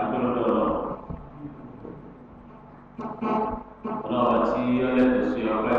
akpọlọdọ ọlọ́rọ̀ tí ọlẹtọ sí ọpẹ́.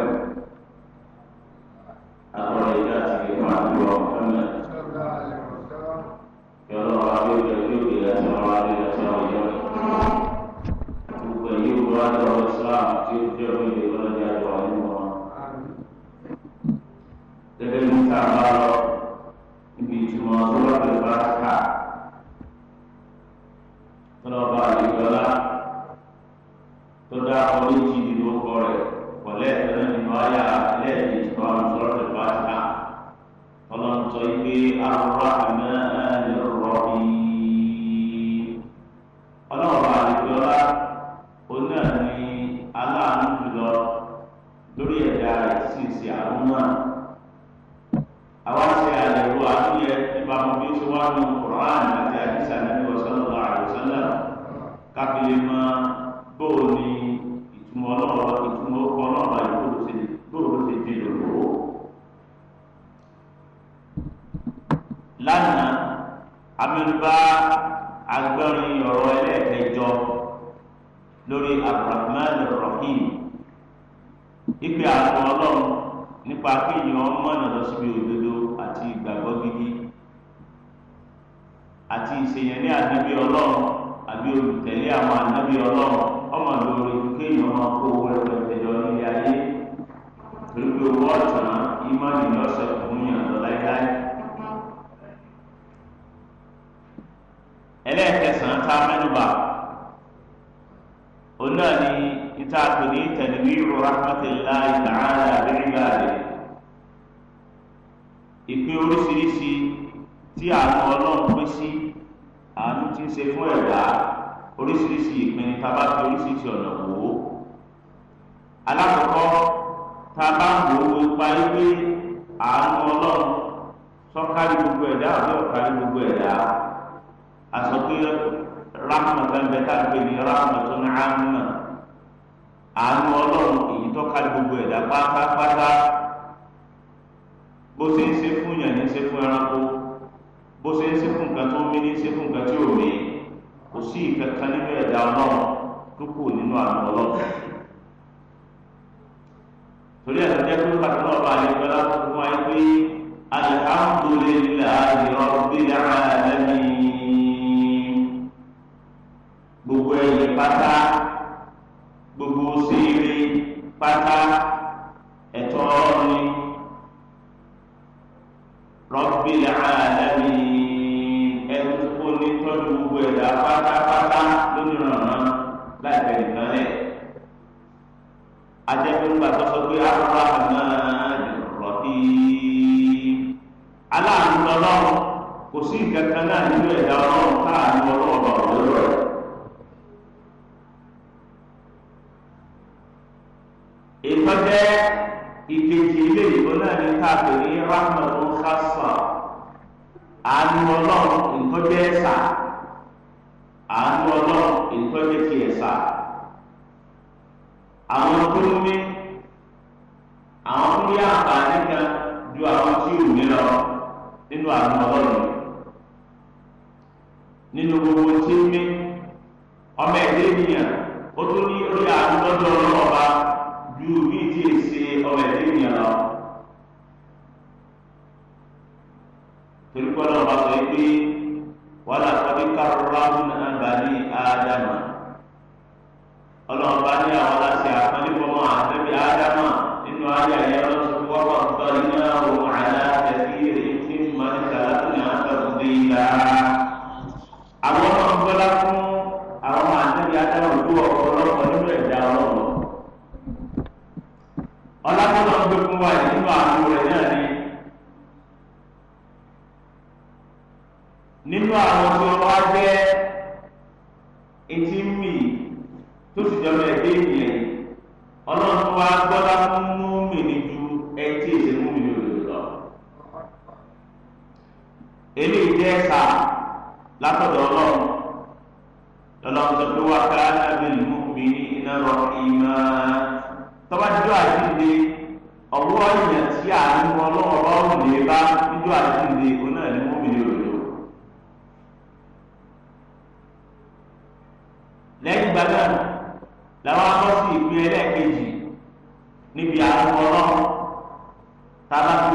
máa ń lọ. torí ẹ̀ lọ́jọ́ tó bá tó ọba àyẹ̀wò láti fún wa pé alihamudulilayi rabbil alamin gbogbo ẹ̀yìn pátá gbogbo ṣeré pátá ẹ̀tọ́ ọ̀rọ̀ ni rabbil nígbà tó sọ pé Ar-Rahmanir Rahim aláàánú lọ́lọ́run kò sí ìkankan náà nínú ẹ̀dá ọlọ́run káàánú ọlọ́run ọ̀rọ̀ lọ́rọ̀ rẹ̀. ètò jẹ́ ìkejì ilé ìbò náà ní káàpì ní rahmanu khasa àánú ọlọ́run nǹkan jẹ́ ẹ̀sà àánú ọlọ́run nǹkan jẹ́ ti ẹ̀sà àwọn tó ń ní ní àǹfààní kan ju àwọn tí ò ní lọ nínú àwọn ọlọ́run nínú gbogbo tí ń mí ọmọ ẹ̀dẹ́ ènìyàn ó tún ní orí àánú lọ́dọ̀ ju bí tí è ṣe ọmọ ẹ̀dẹ́ ènìyàn lọ. torí pé ọlọ́ọ̀ba sọ pé.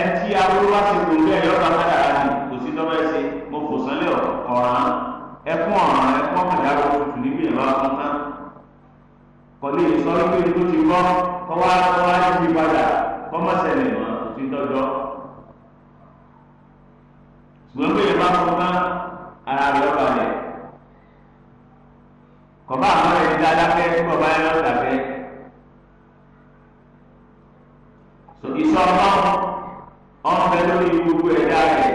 ẹtí awúrúwá ti kò bẹ́ẹ̀ yọ̀ọ̀dà kádàrá ni kò sí dọ́bẹ̀ ṣe mo fò sánlẹ̀ ọ̀ràn ẹkún ọ̀ràn ẹkún ọ̀kadàrá tuntun níbi ìlọ akọ́ńtán kọ́lé ìsọ́rí pé tó ti kọ́ kọ́wá kọ́wá yí padà kọ́mọ́sẹ̀lẹ̀ mọ́ kò sí dọ́jọ́ ṣùgbọ́n pé ìbá kọ́ńtán ara rẹ̀ ọ̀balẹ̀ kọ́bá àwọn ẹ̀dí dáadáa fẹ́ kọ́bá ẹ̀ lọ́ọ̀dà fẹ́ ìsọ ọlọ́run ọ̀nbẹ lórí gbogbo ẹ̀dá rẹ̀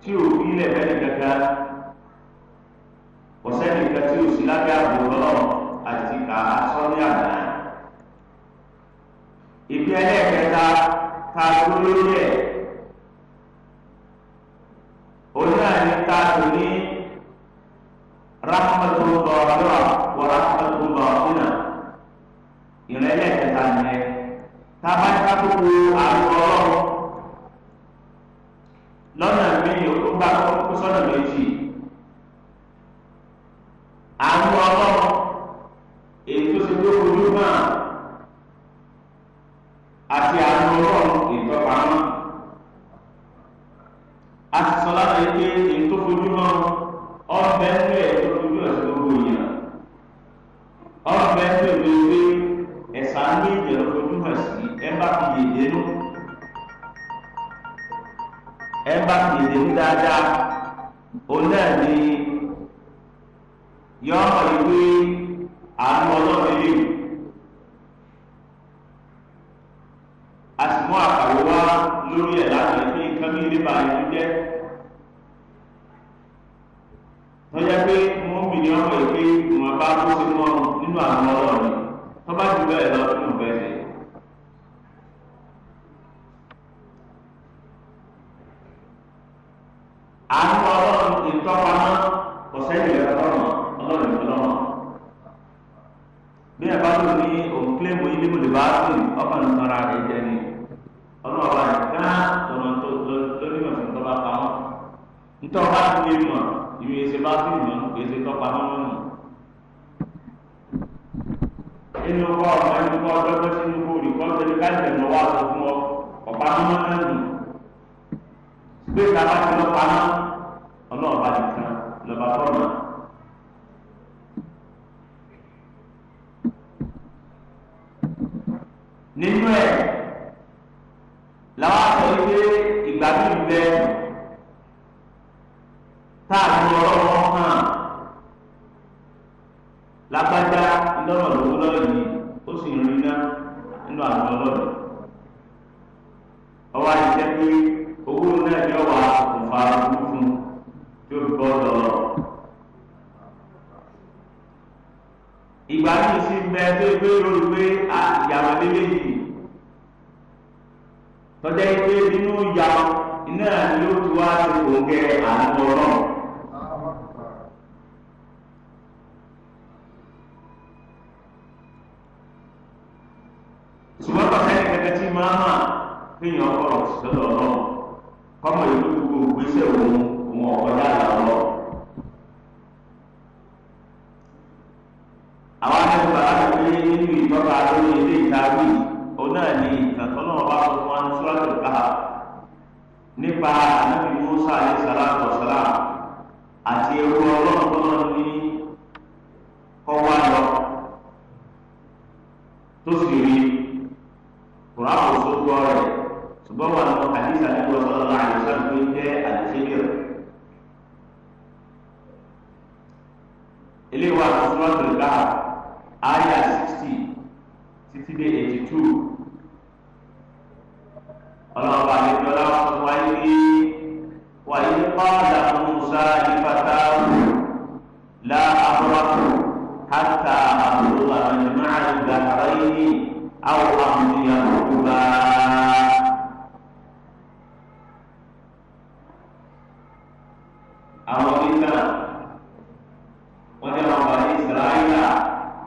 tí ò fi ilẹ̀ fẹ́ nìkankan ọ̀sẹ̀ nìkan tí ò sí lábẹ́ àbò lọ́nà àti àsọ́ní àná. ìpín ẹlẹ́ẹ̀kẹta ta dúró lórí ẹ̀ òun náà ní ta tò ní rahmatullah wa rahmatullah ọ̀húnà ìrẹ́lẹ̀ kẹta nìyẹn tá a bá ní ká tó kú àrùn ọlọ́run lọ́nà méjì ó gbà kó sọ́nà méjì àwọn ọlọ́run. lò ní òun kílẹ̀mù ilé mọ̀lẹ́ bá tó ní ọkàn ní sọ́ra rẹ̀ jẹ́ ni ọlọ́run ọba nìkan tọ̀nà tó lórí mọ̀ fún tọ́ba pa wọ́n nítorí ọba tó lè mọ̀ ìwé ẹsẹ̀ bá tó ìmọ̀ kò ẹsẹ̀ tọ́pa wọ́n mọ̀. inú kọ́ ọmọ ẹni kọ́ ọdọ́gbọ́n sínú kó rí kọ́ tẹ́lẹ̀ káàdì ẹ̀mọ́ wá sọ fún ọ ọ̀pá mọ́ náà nù. gbé ìta bá pa náà ọlọ́ọ̀ba nìkan lọ́ba tọ́nà nínú ẹ̀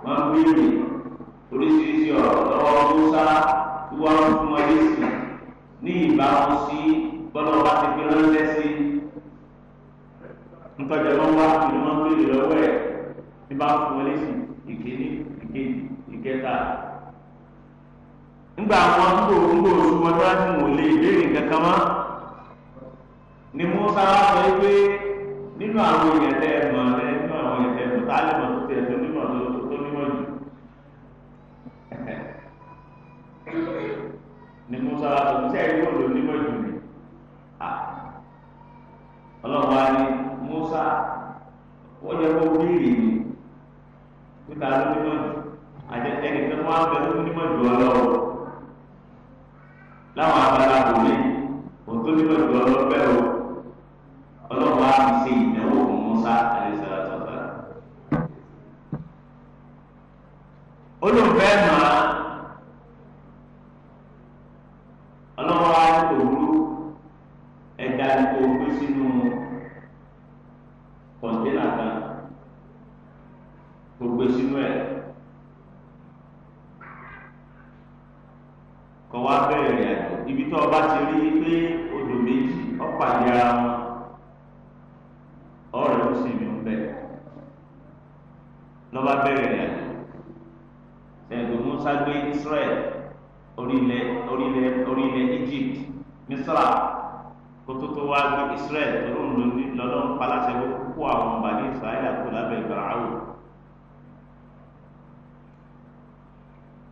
wọn béèrè oríṣiríṣi ọ̀rọ̀ lọ́wọ́ musa tí wọ́n fún wọn lẹ́sìn ní ìbámu sí gbọ́dọ̀ bá ti fi ránṣẹ́ sí ntọ́jà ló ń wá ìlú wọn béèrè lọ́wọ́ ẹ̀ ní bá fún wọn lẹ́sìn ìkíní ìkejì ìkẹta nígbà àwọn ńgbò ńgbò oṣù wọn tó láti wò lè béèrè kankan mọ́ ni musa wá sọ pé nínú àwọn èèyàn tẹ́ ẹ mọ̀ ẹ nínú àwọn èèyàn tẹ́ ẹ mọ̀ tá a lè mọ̀ tó. ni musa wa sọ sẹ ìwé òdo nímọ̀ ìdùnnú à ọlọ́wọ́ ni musa wọ́n yẹ kó wíìrì ni níta ló nímọ̀ jù àjẹjẹ nìkan wọn á bẹ tó nímọ̀ jù ọ lọ́wọ́ láwọn abala kò ní òtó nímọ̀ jù ọ lọ́wọ́ bẹ́ẹ̀ o ọlọ́wọ́ ìdánwò fún musa àlẹ́ sọ̀rọ̀ sọ̀rọ̀ olùfẹ́ náà. Israel orílẹ̀ orílẹ̀ orílẹ̀ Egypt Misra kótótó wá gbé Israel tó ń lò lọ́dún paláṣẹ kó àwọn ọba ní Israel kó lábẹ́ ìgbàláwò.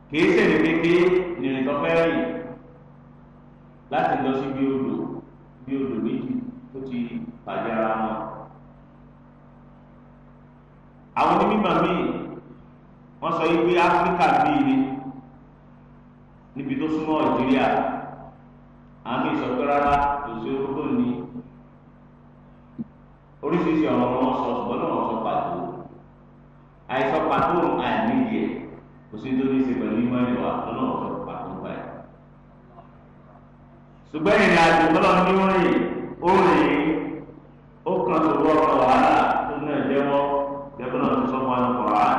kìí ṣèlè kékeré nìrìn tó fẹ́ rìn láti lọ sí bí odò bí odò méjì tó ti pàdé ara wọn. àwọn onímọ̀ míì wọ́n sọ yìí pé Áfíríkà bíi ni níbi tó súnmọ́ Algeria àmì ìsọ̀kẹ́ rárá kò sí orúkọ ní oríṣiríṣi ọ̀rọ̀ wọn sọ ṣùgbọ́n náà wọ́n sọ pàtó àìsọ pàtó àìníbi ẹ̀ kò sí tó ní í ṣe pẹ̀lú ìmọ̀ ẹ̀rọ àtọ́nà ọ̀sọ̀ pàtó báyìí. ṣùgbọ́n ìrìn àjò tọ́lọ́ ní wọ́n rìn ó rìn ó kàn tó wọ́n kọ̀ wàhálà tó náà jẹ́wọ́ jẹ́wọ́ náà tó sọ́kọ́ àlùkò rárá.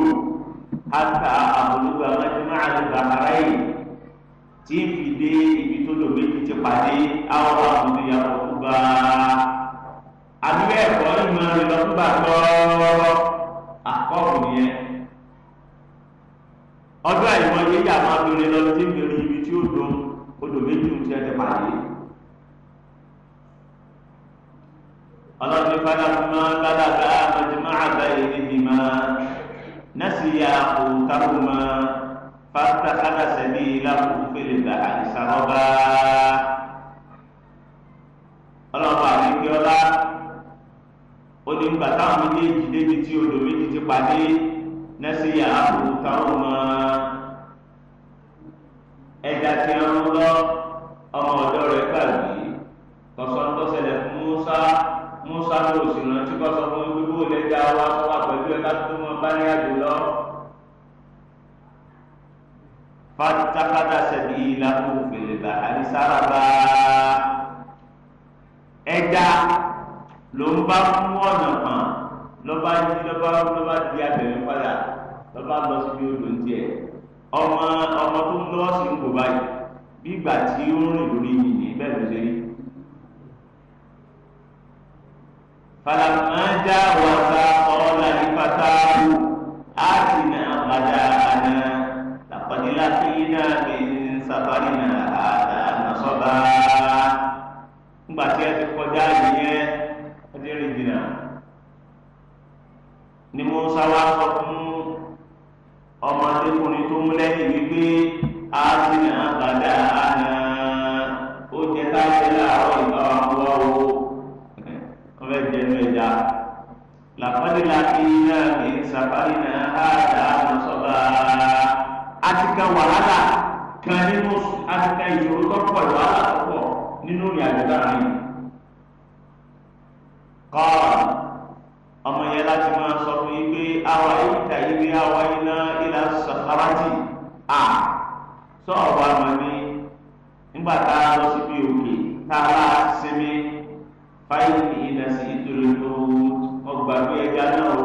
lò àtà àbòlùgbà májúmọ́ àlùbà ara yìí tí ń fi dé ibi tó lò méjì ti pàdé àwọn àbòlùyàwó gbà àbíwẹ̀ ẹ̀kọ́ ìmọ̀ ìlọ́kùgbà tọ́ọ́rọ́ àkọ́ọ̀rù nìyẹn ọdún àìmọ yéyí àwọn abìnrin lọ sí ìbìrin ibi tí ó dùn odò méjì ń tiẹ̀ ti pàdé. ọlọ́dún fada fún wọn ládàá àmọ́júmọ́ àgbáyé níbi máa nasiya òǹtarùmọ fàtàkàdà sẹbi làkùnfẹlẹ gà àìsàrọba ọlọpàá àdékẹọlá onígbà táwọn méjèèjì débi tí odò méjì ti pàdé nasiya òǹtarùmọ ẹja tí wọn lọ ọmọ ọ̀dọ̀ rẹ̀ gbàgbé kọsọńtọsẹlẹ fún Musa musa ló sì rántí kọ́ sọ fún wíwú lẹ́jà wa sọ wà pẹ̀lú ẹ̀ ká tó wọn bá ní àjò lọ. fatakada sẹbi ìlànà òfèlè bá àdìsára bá ẹja ló ń bá fún ọ̀nà kan lọ́ba yí lọ́ba lọ́ba di abẹ̀rẹ̀ padà lọ́ba lọ síbi odò ń tiẹ̀ ọmọ ọmọ tó ń lọ́ọ̀sì ń kò báyìí bí ìgbà tí ó ń rìn lórí yìnyín bẹ́ẹ̀ ló ṣe rí. فلما جاوزا قال لفتاه آتنا غداءنا لقد لقينا من سفرنا هذا نصبا nígbà tí ẹ ti kọjá ìyẹn ọdún ìdìnnà ni mo sáwá sọ fún ọmọdékùnrin tó mú lẹ́yìn wípé a ti nà gbàdá àná ó jẹ táwọn. bẹ́ẹ̀ jẹ́ inú ẹja làpọ́nìlà iná ní sàfárì náà á dà á lọ sọ́ba àtìkà wàhálà kan nínú àtìkà ìṣòro tó pọ̀ wàhálà tó pọ̀ nínú ìrìn àjò dára yìí. kọ́ọ̀n ọmọ yẹn láti máa sọ fún yín pé àwa yìí kà bí àwa yìí náà ìlà sàfárátì à sọ̀rọ̀ wa mọ̀ ní nígbà tá a lọ síbi òkè tá a bá sinmi báyìí ní ìdá sí ìtòlè lòun ọgbà tó ẹja náà o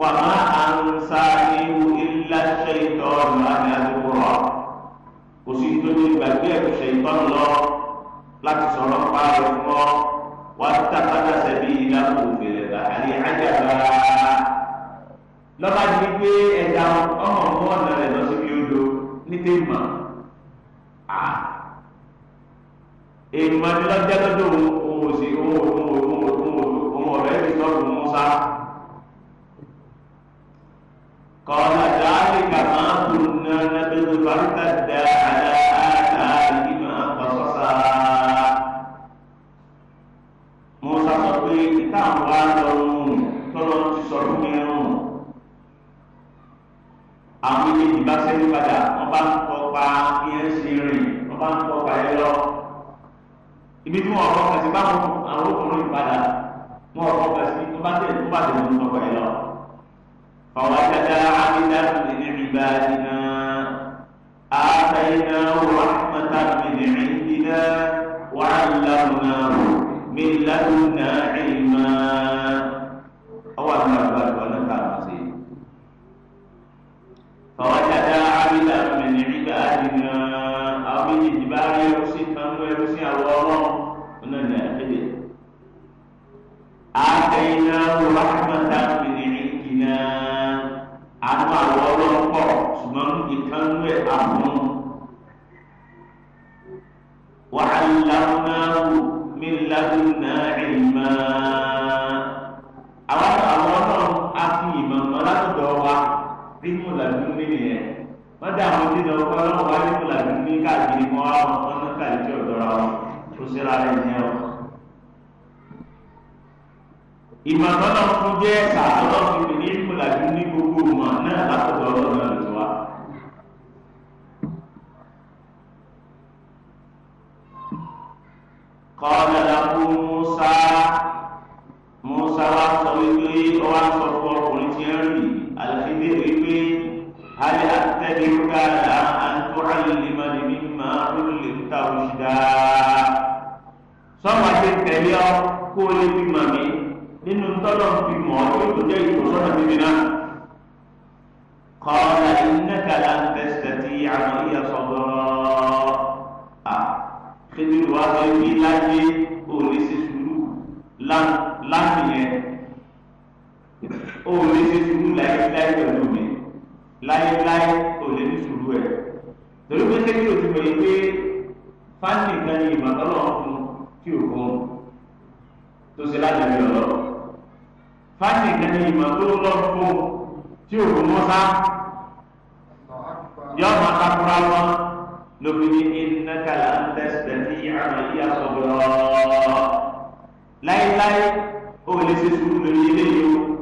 wà má à ń sa ewu ilá ṣe ìtọ́ ọ̀nà àti àdúgbò rọ̀ kò sí tó ní gbàgbé ẹ̀kọ́ ṣe ìtọ́ lọ láti sọ̀rọ̀ pa rẹ̀ fún ọ wà á tàkàtà sẹ́bi ìlà kò fèrè rà àlè ájà rà lọ́ba ti gbé ẹja ọmọ ọmọ ọ̀nà rẹ̀ lọ síbi odò ní tèmọ̀ èèmọ̀ ni lọ́jọ́ lọ́jọ́ òun ò sí òun ò òun ò òun ò òun ò òun ọ̀rẹ́ rí sọ́ọ̀rù Musa. kọ́lá dáhàlì kàmá kùnà nàbẹ́sọ bàtà dá àdá àdá ìgbìmọ̀ àkọsọ́sá. Musa sọ pé títà ń wá lọ́rùn tọ́lọ́ ti sọ̀rọ̀ mẹ́rùn. àwọn méjèèjì bá sẹ́yìn padà wọ́n bá ń kọ́ pa kí ẹ ṣe. ibi tí wọn ọ̀rọ̀ kan sí báwo àwọn ọkùnrin padà wọn ọ̀rọ̀ kan sí tó bá tẹ̀ tó bá tẹ̀ lọ́wọ́ sọ̀kọ̀ yẹn lọ. fàwọn ajada amida tún ní ìgbà dínà àtàyìnà rahmata min indina wà lánàá min ladunna ilma. ọwọ́ àti àgbàdo. ìkànnú ẹ̀ àfọ̀n. وعلمناه من لدنا علما àwọn àwọn ọlọ́run á fi ìmọ̀ mọ́ látọ̀dọ̀ wa bí mo làdún ní nìyẹn wọ́n dá àwọn tí lọ́wọ́ ọlọ́run wá bí mo làdún ní káàkiri mọ́ àwọn ọmọ náà káàkiri ọ̀dọ́ra wọn tó ṣẹlá rẹ̀ nìyẹn o. ìmọ̀ ọlọ́run jẹ́ ẹ̀sà ọlọ́run ní mo làdún ní gbogbo mọ̀ náà látọ̀dọ̀ ọlọ́run náà lọ́wọ́. qala lahu musa musa wa sọ orang ó wá sọ fún ọkùnrin tí ń rí àlàfíìdé wípé hali àtẹ̀dẹ́gbà là ń tó àlèmọ́lẹ̀ mímọ́ olùlé ń ta òṣìdá sọ́wọ́n ti tẹ̀lé qala innaka lan tastati'a wá lọ rí láyé o lè ṣe sùúrù láti yẹn o lè ṣe sùúrù láyéláyé pẹ̀lú mi láyéláyé o lè ní sùúrù ẹ̀ torí pé ṣé kí o ti bẹ̀rẹ̀ pé fáńtì kan ní ìmọ̀tọ́lọ́ fún kí o fún tó ṣe láti rí ọ̀rọ̀ fáńtì kan ní ìmọ̀tọ́lọ́ fún tí o fún mọ́sá yọ̀ọ́ máa takura wọn lóbìnrin innaka lan tastati'a ma'iya sabra láíláí ó lè ṣe sùúrù lórí eléyìí o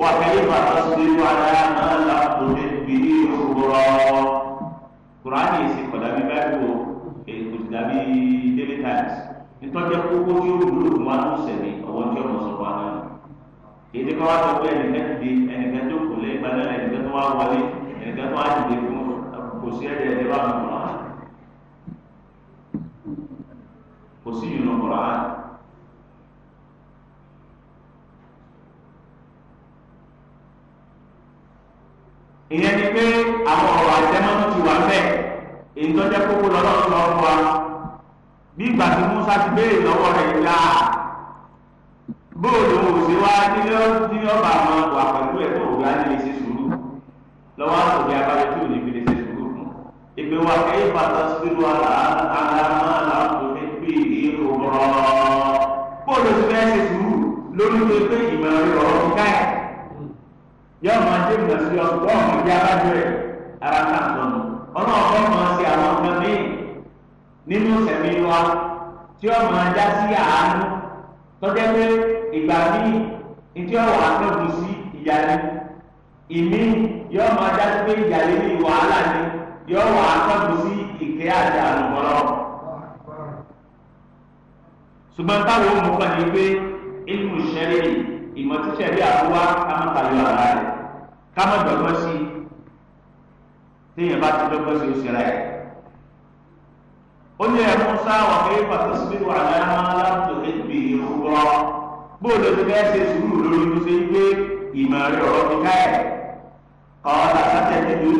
wà fẹ́ẹ́ bá a ṣe wà láyà máa la kò ní bìrì ìṣòro kùránì ìsìn kọ̀dà bí báyìí o èyí kò sì dàbí daily times nítorí kókó tí ó wúlò fún wa ló sẹ̀mí ọ̀wọ́ tí ọmọ sọ fún wa náà èyí tí wá sọ pé ẹnìkan ti di ẹnìkan tó kù lẹ́yìn gbadára ẹnìkan tó wá wọlé ẹnìkan tó wá ti di kò sí ẹ̀dẹ̀ ẹ̀dẹ̀ bá nù kọ̀ọ̀rọ̀ hàn kò sí yìí nù kọ̀ọ̀rọ̀ hàn. ìyẹn ni pé àwọn ọ̀rọ̀ àjẹmọ́nú ti wà bẹ́ẹ̀ èyí tó jẹ́ kókó lọ́lọ́run lọ fún wa bí ìgbà tí Musa ti béèrè lọ́wọ́ rẹ̀ yá bóòlù òsè wa ní ọba àwọn wà pẹ̀lú ẹ̀ tó òwúrọ̀ á ní lè ṣe sùúrù lọ́wọ́ àtòkè abalẹ̀ tó pé wà kẹ́yìn bàtà síbírù àlàmà làkùnmí pé èrò rọ. bóòlù ti fẹ́ ṣe sùúrù lórí pé pé ìmọ̀ rẹ̀ ọ̀rọ̀ ká ẹ̀. yóò máa dé ìgbà sí ọ̀pọ̀ ọ̀hún bí abájọ ẹ̀ ara ká sọnù. ọlọ́run fẹ́ máa ṣe àwọn ọmọ mi nínú sẹ̀mí wa tí ó máa já sí àánú tọ́jẹ́ pé ìgbà míì ìdí ọ̀wọ̀ àtọ́jú sí ìyá ni sí ìyá oh, yóò wà á tọ́jú sí ìkẹ́ àti àlùbọ́lọ́. ṣùgbọ́n táwọn ohun kan ní pé ilmu ṣẹ́rí ìmọ̀ tí ṣẹ́rí àbúwá kámọ́tàyọ àrà rẹ̀ kámọ́dọ̀gbọ́ sí téèyàn bá ti dọ́gbọ́ sí oṣù rẹ̀. ó ní ẹ̀mú sáwọn pé pàtàkì wà lára láti ẹgbẹ́ ìrúbọ bóòlù ti fẹ́ ṣe sùúrù lórí tó ṣe pé ìmọ̀ rẹ̀ ọ̀rọ̀ ti ká ẹ̀ kọ́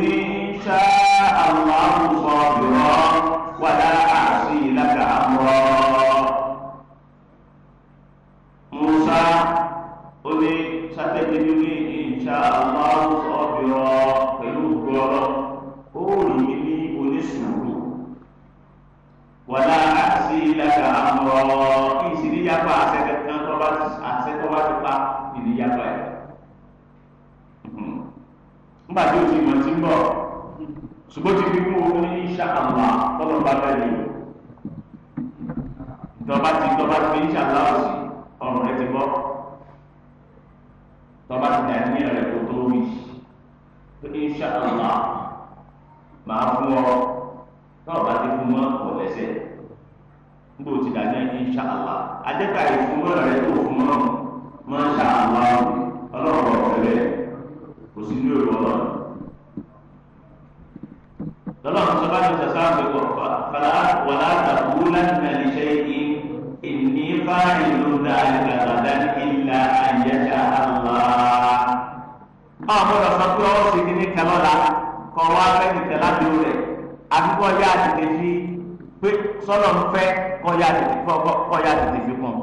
ọ́ الله صابرا ولا أعصي لك أمرا موسى قل ستجدني إن شاء الله صابرا فيغفر قول مني ونسمه ولا أعصي لك أمرا إن سيدي يقع سيدنا توبات أسيتوبات يقع إن يقع nígbà tí o ti mọ̀ tí ń bọ̀ ṣùgbọ́n ti fi mú owó ní ṣàkàmbá tọ́lọ̀ bá bẹ́ẹ̀ ni tọba ti tọba ti fi ṣàkàmbá sí ọ̀rọ̀ rẹ ti bọ́ tọba ti dà ní ẹ̀rẹ́ tó tó wí pé ṣàkàmbá màá fún ọ tọ́ba ti fún mọ́ ọ̀lẹ́sẹ̀ nígbà tí dà ní ṣàkàmbá adẹ́ka ìfúnmọ́ rẹ tó fún mọ́ mọ́ ṣàkàmbá ọlọ́run ọ̀rẹ́ kò sí ní òru ọlọ́run subhanahu wa ta'ala bi wa fala wala taqulanna li shay'in inni fa'ilu dhalika ghadan illa an yasha Allah àwọn ọ̀rọ̀ sọ pé ó sì ní ní kẹlọ́la kọ́ wá fẹ́ẹ́ nìkẹ́ láti rẹ̀ àbíkọ́ yá àtẹ̀tẹ̀ fi pé sọ́nà ń fẹ́ kọ́ yá àtẹ̀tẹ̀ fi kún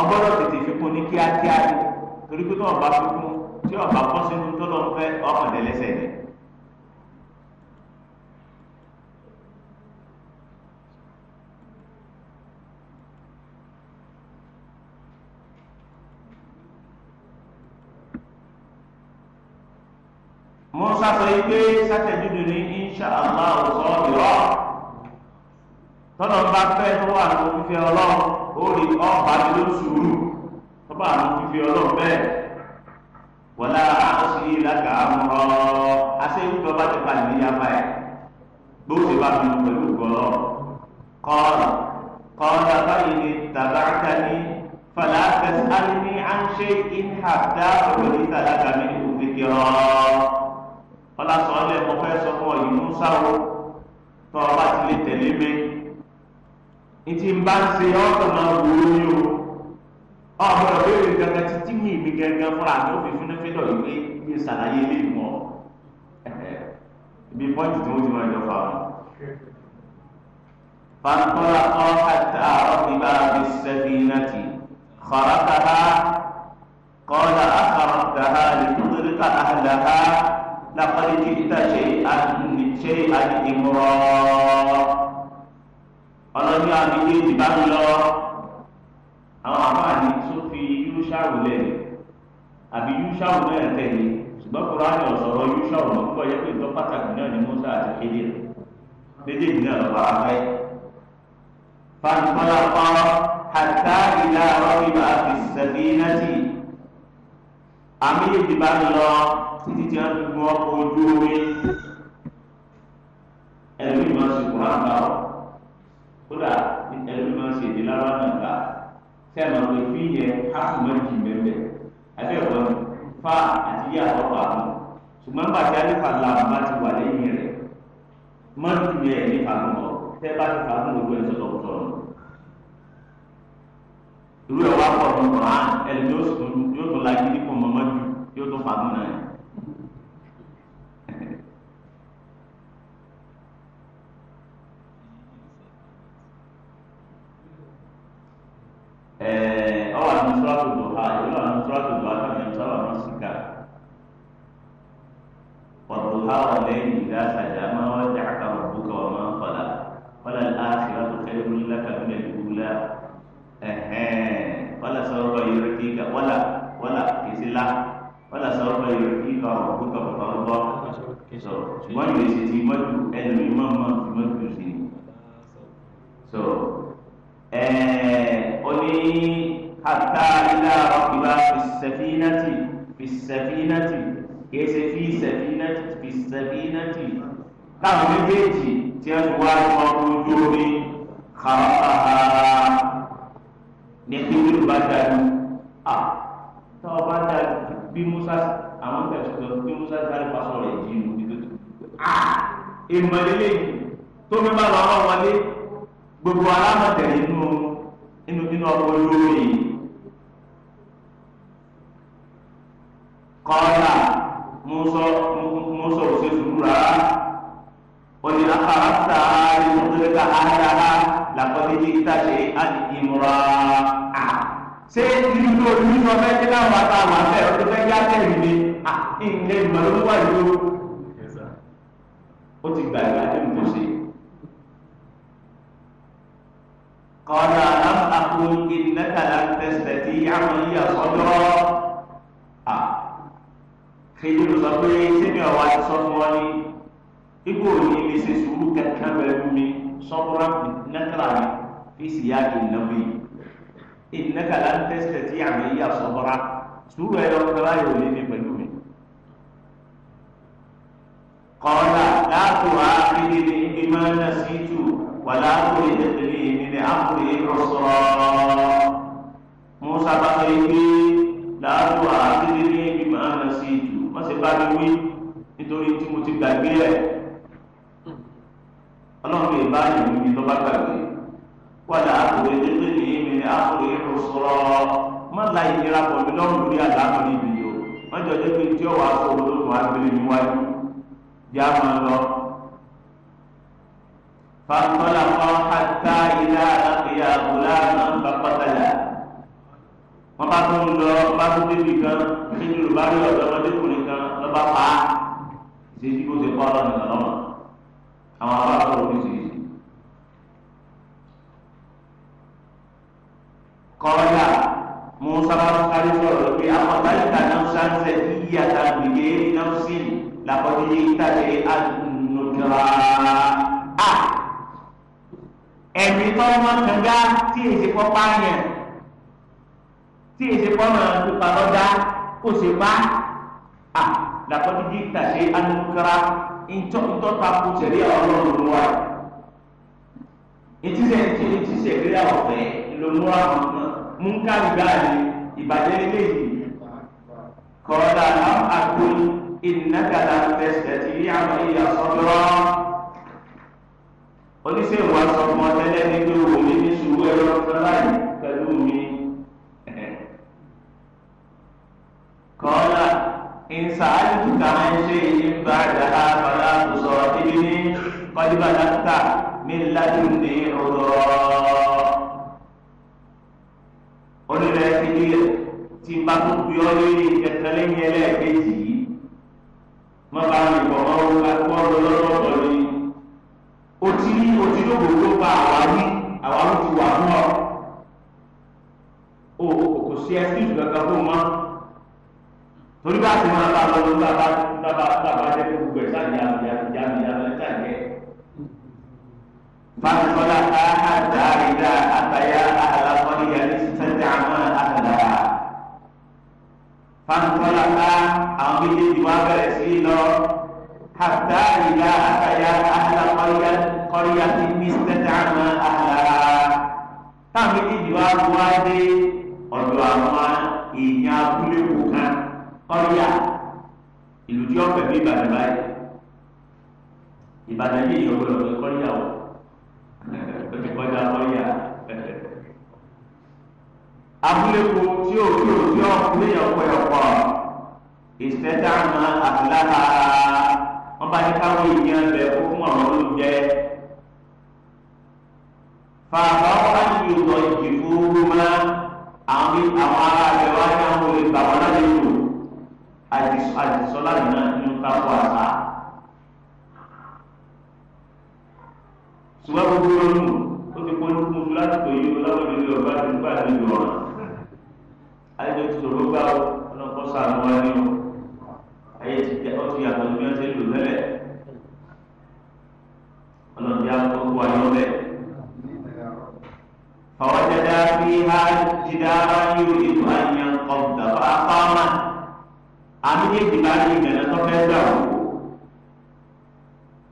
ọgbọ́dọ̀ tètè fi kún ní kíákíá torí pé tí wọ́n bá fi kún tí wọ́n bá kọ́ sínú tó lọ́n fẹ́ ọkàn tẹ̀lẹ́sẹ̀ yẹn. Musa sọ yìí pé sátẹ̀júdù ní insha Allah ọ̀sọ́ ìrọ̀ tọ́nà bá fẹ́ tó wà ní fífẹ́ ọlọ́run ó rí ọba ní ló sùúrù tó bá ní fífẹ́ ọlọ́run bẹ́ẹ̀ wọlá àkọsí ìlàkà àmọ́ àṣẹ ìjọba bá ti balẹ̀ níyàmá ẹ̀ gbóòsè bá mi pẹ̀lú gbọ́lọ́ kọ́ọ̀lù kọ́ọ̀lù abáyé ni tàbáríkà ní fàlà tẹ̀sán ní à ń ṣe ìhàdá òwò ní tàlákà mi ní òfin kìrọ̀ọ́ ọlá sọ ọ lẹ mo fẹ́ sọ fún ọ yìí ń sáwó ọba ti lè tẹ̀lé mi ntí n bá ń ṣe ọkọ máa wò ó ní o ọgbọdọ béèrè gẹ́gẹ́ títí mi mi gẹ́gẹ́ fúnra mi ó fi fúnifídọ yìí mi ṣàlàyé lè mọ ibi pọ́ǹtì tí wọ́n ti máa yọ fa wọn. فانطلق حتى ركبا بالسفينة خرقها قال أخرقتها لتدرك أهلها لقد جئت شيئا شيئا إمرا ọlọ́jọ́ àbíké ti bá mi lọ àwọn àbáàdì tó fi yúṣàwù lẹ́nu àbí yúṣàwù náà tẹ̀lé ṣùgbọ́n kúránì ọ̀sọ̀rọ̀ yúṣàwù náà púpọ̀ yẹ pé ìtọ́ pàtàkì náà ni Musa àti kéde méjèèjì náà lọ́ba afẹ́. fanfọlá pọ́n hàtá ìlà rọ́bì bá fi sẹ́bí náà sí àmì ìdìbò lọ títí tí wọ́n fi gun ọkọ̀ ojú omi ẹ̀mí máa ṣe kúrò àgbà ọ̀ kódà ẹ̀mí máa ṣe èdè lára náà gbà sẹ́ẹ̀mà pé fi yẹ káàkiri máa jì mẹ́mẹ́ abẹ́ẹ̀kọ́ ni fa àti yíyá ọkọ̀ àmọ́ ṣùgbọ́n bàtí alẹ́fà làwọn bá ti wà lẹ́yìn rẹ̀ má ti yẹ ẹ̀mí fàánù ọ̀ tẹ́ bá ti fàánù gbogbo ẹ̀ sọ̀tọ̀ sọ̀rọ̀ irú ẹ̀ wá pọ̀ nù kàn án ẹ̀mí yóò tún la gidi kún mọ́mọ́ yóò tún fàánù náà ọwọ àwọn sọ́ọ̀tù lò ha ìlú àwọn sọ́ọ̀tù lò àtàwọn ẹ̀ńtọ́ àwọn sìkà ọ̀dọ̀ ha wà lẹ́yìn ìdá sàjà máa wá jà ká wà bùkà wà máa kọ̀là wọ́lá láàfin wà tó fẹ́ẹ́ wúlí lákà mílẹ̀ ìlú la wọ́lá sọ̀rọ̀ bá yọrọ kí ká wọ́lá wọ́lá kìsí la wọ́lá sọ̀rọ̀ bá yọrọ kí ká wà bùkà wà wọ́n yóò ṣe ti mọ́tò so ẹ̀ẹ́ oní hatta ilá ọkùnrin fi sẹfínàtì fi sẹfínàtì kìí ṣe fi sẹfínàtì fi sẹfínàtì táwọn méjèèjì tí wọn wá ọkọ ojú omi kàwáhà ní kíkúrú bá dàlú à táwọn bá dàlú bí musa àwọn tẹsán bí musa sáré pàṣọ rẹ jí inú bí tó à ìmọ̀lélẹ́yìn tó fi bá lọ́wọ́ wọlé gbogbo alámọ̀tẹ̀lẹ́ inú nínú nínú ọkọ̀ lórí kọ́lá mọ́sọ́ mọ́sọ́ òṣè sùúrù rárá wọ́n ní afárátà ní mọ́tòlẹ́ka ádára làkọ́lẹ́jì ìtàṣe àti ìmúra à. ṣé ìlú tó ní sọ fẹ́ kí láwọn bàtà àwọn afẹ́ ọdún fẹ́ kí á tẹ̀lé mi à ìyẹn ìmọ̀lẹ́wọ́ wà lóru. ó ti gbàgbé àdéhùn tó ṣe. قال ألم أقل إنك لن تستطيع معي صبرا Khidir sọ pé sẹ́mi ọ̀wá ti sọ fún ọ ní ipò ní lè ṣe sùúrù kankan pẹ̀lú mi sọ́kúrá nàkàrà mi fi sì yá kí n nàbí ìnàkà láńtẹ́sítẹ̀ tí àmì yà sọ́kúrá sùúrù ẹ̀rọ kọ́lá yóò lé ní pẹ̀lú mi. Qala láàtò àárín ní ìgbìmọ̀ náà sí tù wà láàtò ìdẹ́gbẹ̀lẹ́ amúre ọ̀sọ̀ musa bá sọ yìí pé làálù àdéhùn ní ibi màá nà sí ìjù wọ́n sì bá mi wí nítorí tí mo ti gbàgbé ẹ̀ ọlọ́run lè bá yẹn níbi tó bá gbàgbé wàdà àkùrẹ́ dédé ní ibi ní amúre ọ̀sọ̀ má la ìnira pọ̀ mi lọ́rùn lórí àdáhùn níbi yìí o wọ́n jọ jẹ́ pé tí ó wàá sọ olóògùn agbèrè níwájú yá máa lọ. فانطلقا حتى إذا لقيا غلاما فقتله wọ́n bá tó ń lọ bá tó débi kan nínú yorùbá rí ọ̀dọ́ ọmọdékùnrin kan lọ́ba pa á ṣe bí kò ṣe kọ́ ọlọ́run nìkan lọ́mọ àwọn abáwọ̀ oríṣiríṣi. kọ́lá mo sábà sáré sọ̀rọ̀ lọ pé àwọn táyìká náà sáńsẹ̀ yíyí àtàgbègbè náà sí làkọ́jú yìí tàbí ẹ̀mí tọ́mọ kanga tí èsì kọ́ pààyàn tí èsì kọ́ máa tó parọ́dá kó sì bá a làkọ́jú jí tàṣe anukara ntọ́ta kó sẹ̀rí ọlọ́run wa ìtísẹ̀ ìtísẹ̀ rí ọ̀fẹ́ lónú àwọn múnká gbáàlì ìbàjẹ́ eléyìí kọ́ra àwọn àgbọn ìnákàlà fẹsẹ̀ tí àwọn ìyá sọ́dọ́rọ́ oníṣègùn aṣọ fún ọ tẹ́lẹ̀ ní pé òun mi ní sùúrù ẹ̀rọ sáláì pẹ̀lú mi. kọ́lá ìsàájú kùtà máa ń ṣe ìyíba àdàlà bàlá kò sọ̀rọ̀ ibi ní kọ́díbàdà kùtà mí ládùn ní ọ̀dọ̀. onílẹ̀ ìdílé tí bá tó gbé ọ lórí ìkẹtẹ lẹ́yìn ẹlẹ́ẹ̀kejì yìí. wọ́n bá ń bọ̀ ọ́ wọ́n lọ́wọ́ pẹ̀lú o ti ní o ti lóògùn tó bá àwárí àwárí ti wà fún ọ o kò sí ẹsíìsì kankan fún mọ torí bá ti máa bá lọ lọ bá bá bá bá jẹ fún gbogbo ẹ sáà ní àmì àmì àmì àmì ẹ sáà jẹ. فانطلقا حتى إذا أتيا أهل قرية استدعما أهلها فانطلقا أمي جواب رسول الله حتى إذا أتيا أهل قرية قرية استدعما أهلها táwọn méjèèjì wá bu wá dé ọ̀dọ̀ àwọn èèyàn abúlé kò kan kọ́ríà ìlú tí wọ́n fẹ̀mí ìbàdàn báyìí ìbàdàn yìí yọ̀ gbọ́dọ̀ pé kọ́ríà o pẹ̀lú kọjá kọ́ríà abúlé kò tí ò tí ò tí ò tí ò pé ọ̀pọ̀ ọ̀pọ̀ ìṣẹ̀dá àmọ́ àbúlá ta wọn bá ní káwé ìyẹn bẹ kó fún àwọn olóúnjẹ fàbá wà ní ìlọ ìdìbò rúmọ àwọn àwọn ará rẹ wá ní àwọn olè bàbá náà lè lò àdìsọlá nínú nínú kápọ àṣà ṣùgbọ́n gbogbo lónìí ó ti pọ́n lókun láti pè yí ọlọ́wọ́ ìlú ọba nígbà nílùú ọ̀ràn àyẹ̀dẹ̀ tó ló gbà ó ọlọ́kọ́ sàánú wa ní o. يا قوة يومه فوجد فيها جدارا يريد أن ينقض فأقامه أمن يبتغي من تفسره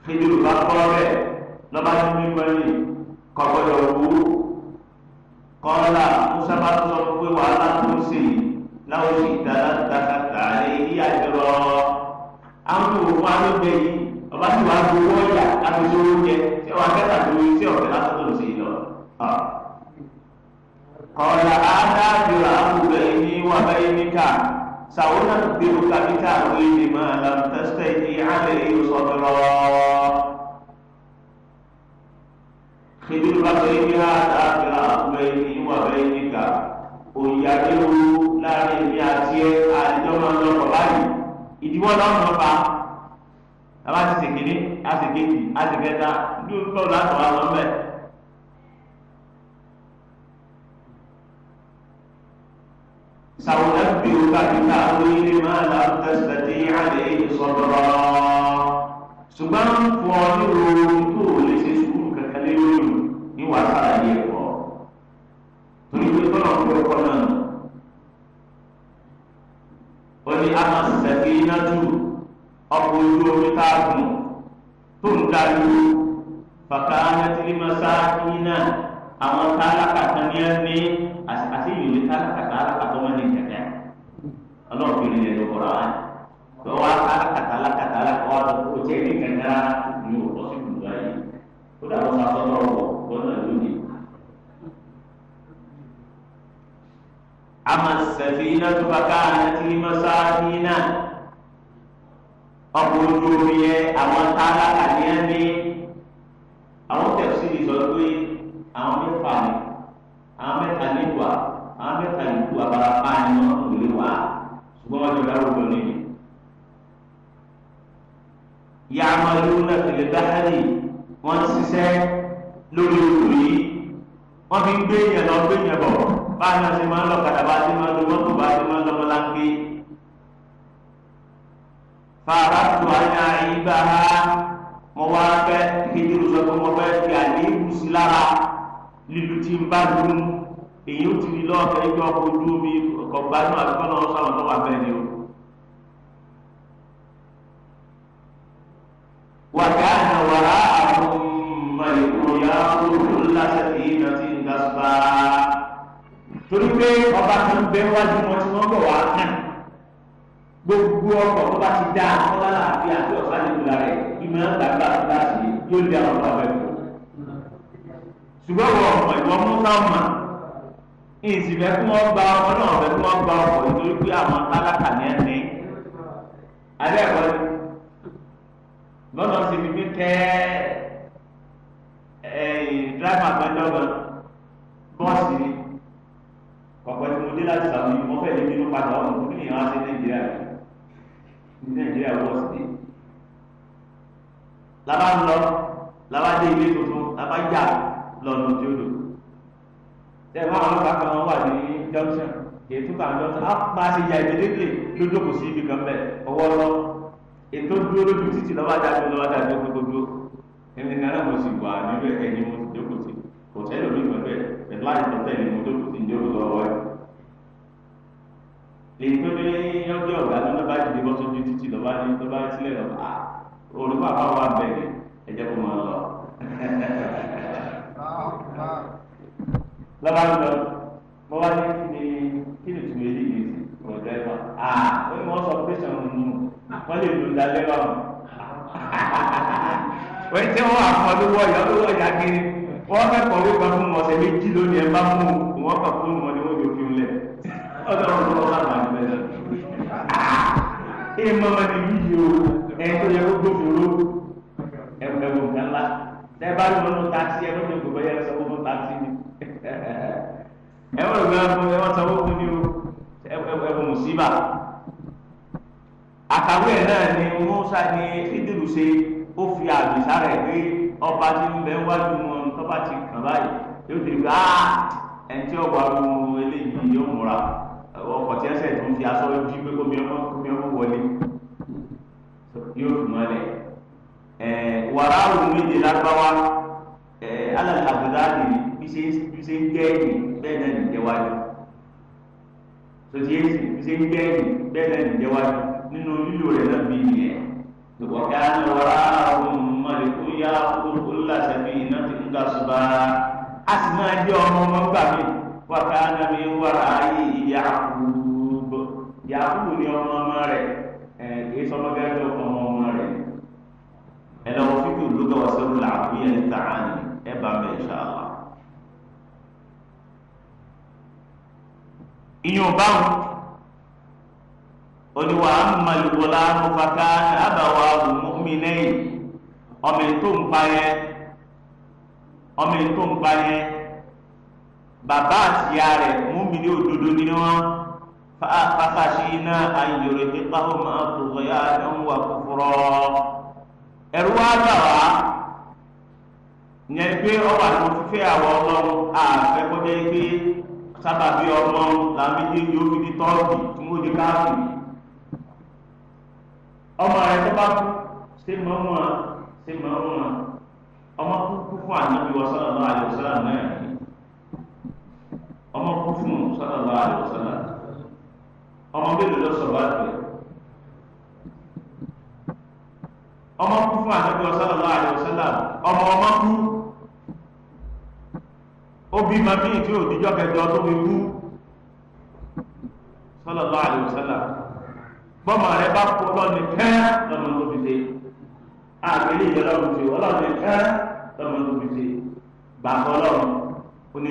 خجل بقرة لبعض من بني قبله قال مصطفى صلى وعلى كرسي لو شئت لاتخذت عليه أجرا أمره معلوم به bàbá sì wàá gbowó ọjà àtúnṣe oúnjẹ tí wàá kẹta tó yí sí ọ̀fẹ́ látọ̀tọ̀ sí lọ. kọ̀ọ̀lá àádáàbìrà àbùgbẹ̀ ní wà báyìí níta sàwọn àgbèrò kàmíkà àwọn ènìyàn máa làm tẹ́sítẹ́ ní alẹ́ ìrọ̀sọ̀bìrọ̀. kìdìrì bá sọ yìí àádáàbìrà àbùgbẹ̀ ní wà báyìí níta òyìnbá léwu láàrin mi àti ẹ àdìjọ́ máa ń lọ báyìí ìdíwọ́ náà ń tàbá ti sèkéde á sèkéjì á sèkéta dúró látọ̀ wá lọ bẹ́ẹ̀. سأنبئك بتأويل ما لم تستطيع عليه صبرا ṣùgbọ́n fún ọ ní oorun tó o lè ṣe sùúrù kankan lé lórí ní wàá sàlàyé ẹ̀kọ́ torí pé tọ́lọ̀ ń gbọ́ ẹ̀kọ́ náà ó ní a máa ṣẹ̀ṣẹ̀ kí iná ọkọ̀ ojú omi táàgùn tó ń dalu fàkàánà tí lima sáàkì náà àwọn tálákà kan ní ẹni àti ìlú tálákà tálákà tó wọn ní kẹkẹ ọlọ́ọ̀fin ní ẹ̀rọ kọ̀ọ̀rọ̀ wa tó wá tálákà tálákà tálákà wà tó kó jẹ́ ní kẹkẹ ní òkú sí ìlú ayé ó dàbọ̀ máa tọ́ lọ́wọ́ lọ́nà lónìí. àmà sẹ̀fínà tó fàkàánà tí lima sáàkì náà ọkọ̀ ojú omi yẹn àwọn tálákà ní ẹ ní àwọn tẹ̀sí ìsọ pé àwọn mẹ́fà ni àwọn mẹ́ta níwà àwọn mẹ́ta ìlú abarapá ni wọ́n kò lè wà ṣùgbọ́n wọ́n jọ dárúkọ nínú. yàrá lóru náà fi lè wọ́n ṣiṣẹ́ lórí òkú yìí wọ́n fi ń gbé yẹn lọ gbé yẹn bọ̀ báyìí wọ́n ti máa ń lọ kàdà ti máa ń lo mọ́tò bá ti máa ń lọ mọ́láńgbé fàràtù àyà ìgbà ha mo wá fẹ́ kíkiri sọ pé mo fẹ́ fi àléébù sí lára lílu tí ń bá lu èyí ó ti di lọ́ọ̀fẹ́ ẹjọ́ ọkọ̀ ojú omi ọkọ̀ gbanú àti kọ́nà ọ̀sán tó wà bẹ́ẹ̀ ni o. wàjà àná wàrà àwọn mọ̀lẹ́kùn ya olùkọ́ lásẹ̀ tí yìí náà ti ń dá torí pé ọba tó ń bẹ wájú wọn tí wọ́n bọ̀ wá gbogbo ọkọ̀ tó bá ti dáa ọlá àti àti ọ̀sán ní ìlú rẹ̀ ìmọ̀ gbàgbà gbà sí yóò di àwọn ọ̀pá bẹ́ẹ̀ kú. ṣùgbọ́n wọ ọmọ ìwọ mú sáwọn ìsìnfẹ́ kí wọ́n gba ọmọ náà fẹ́ kí wọ́n gba ọkọ̀ nítorí pé àwọn tálákà ní ẹni. abẹ́ ẹ̀kọ́ lọ́nà sí mi tẹ́ dírámà gbẹ́dọ́gbọ̀n bọ́ọ̀sì ọ̀pọ̀ tí mo dé láti sàmì mo fẹ́ padà ọ̀hún kí ni ní nàìjíríà wọ́n sí i laba ń lọ laba dé ilé tuntun laba yà lọ́nà tí ó lò tẹ̀lé àwọn ọlọ́pàá kan wọ́n wà ní junction kìí tún kàn junction á má ṣe ya ìdílédè lójó kò sí ibi kan bẹ́ẹ̀ ọwọ́ lọ ètò dúró lójú títì lọ́wọ́ adájọ́ lọ́wọ́ adájọ́ gbogbo dúró ẹni náírà mo sì wà níbẹ̀ ẹni mo sì jókòó sí kò sẹ́yìn lómi pẹ̀lú ẹ̀ pẹ̀lú àìsàn mo jókòó sí ìjókòó lọ́wọ́ ẹ̀ èyí tó dé yọjọ ọgá tó bá ti dìbò sójú títì lọ bá ní tó bá sílẹ̀ lọ à olùkọ́ àbáwọ abẹ́rẹ́ ẹ jẹ́ kó máa lọ. lọ́ba ń lọ mo wá ní kí ni kí ni tùmí èyí yìí sí ọ̀dọ́ ẹ̀ náà à ó ní wọ́n sọ pé sọ̀rọ̀ nínú wọ́n lè lò lálẹ́ wà wọ́n. wọ́n ti wọ́n àfọ̀lúwọ̀ ìyá olówó ìyá kiri wọ́n fẹ́ kọ̀wé kan fún ọ̀sẹ̀ méjì lónìí ẹ̀ bá mú un wọ́n kà fún un mọ́ ni ọ̀dọ̀ ọ̀dọ̀ ọ̀dọ̀ àwọn àgbẹ̀ náà. ẹ mọ̀mọ́ ni yíyí o ẹ tó yẹ kó gbófòró ẹ̀wọ̀n nǹkan ńlá tẹ́ bá lọ ni. ẹ̀wọ̀n nǹkan fún ẹ̀wọ̀n sọ fún mi o ẹ̀wọ̀n mùsíbà. àkàwé ẹ̀ náà ni musa ni fídírù ṣe ó fi àmì sára ẹ̀ pé ọba ti ń bẹ wájú wọn eléyìí yóò múra ọkọ̀ tí ẹsẹ̀ tó ń fi aṣọ ojú pé kómi ọmọ kómi ọmọ wọlé yóò fi mọ́lẹ̀ wàrà òun méje lágbáwá alàlàbùdá nìyí bí ṣe ń gbẹ́yìn bẹ́ẹ̀ náà nìjẹ́wájú sotiyesi bí ṣe ń gbẹ́yìn bẹ́ẹ̀ náà nìjẹ́wájú nínú lílo rẹ̀ náà bí nìyẹn tòkọ̀kẹ́ àná wàrà òun mọ̀lẹ́kùn yá olùlàṣẹ́ bí iná ti ń ga ṣùgbọ́n a sì máa jẹ́ ọmọ ọmọ gbà mí. wàkàánà mi wàrà ayé Yakubu Yakubu ni ọmọ ọmọ rẹ̀ ẹ kì í sọmọ gẹ́gẹ́ ẹ lọ wọ fíkì olùdókòwò sẹwọn làwọn yẹn ń tà á ní ẹ bá bẹ ṣáà. ìyún báwọn oníwà amalùwọlá mufaka bàbá àtìyá rẹ̀ múmi ní òdodo ni wọ́n fàṣàṣìnà ayòrò ìpáwó máa tó ọ̀yà ẹ̀hún wà kúrọ̀ ẹ̀rú wa bà wá yẹn pé ọwà tó fífẹ́ àwọn ọlọ́run àfẹ́ kọjá pé sábàbí ọmọ làwọn méjèèjì ó fi di tọ́ọ̀bì tí wọ́n di káàkiri ọmọ rẹ̀ tó bá kú ṣé mọ́ mọ́ ṣé mọ́ mọ́ ọmọ kúkú fún àníbi wọ́sán ọ̀nà àyọ̀sán náà yìí ọmọ kú fún sọ́nà bá àlọ́ sọ́nà ọmọ bẹ́ẹ̀ lọ sọ̀rọ̀ àgbẹ̀ ọmọ kú fún àdébí ọ̀sánà bá àlọ́ ọmọ ọmọ kú obi mami tí o dijọ́ kẹjọ tó fi kú sọ́nà bá àlọ́ sọ́nà bọ́mọ rẹ bá kú ọlọ́ọ̀ni kẹ́ lọ́nà tó fi dé àgbélé ìjọba ọ̀hún ti ọlọ́ọ̀ni kẹ́ lọ́nà tó fi dé bàbá ọlọ́run ó ní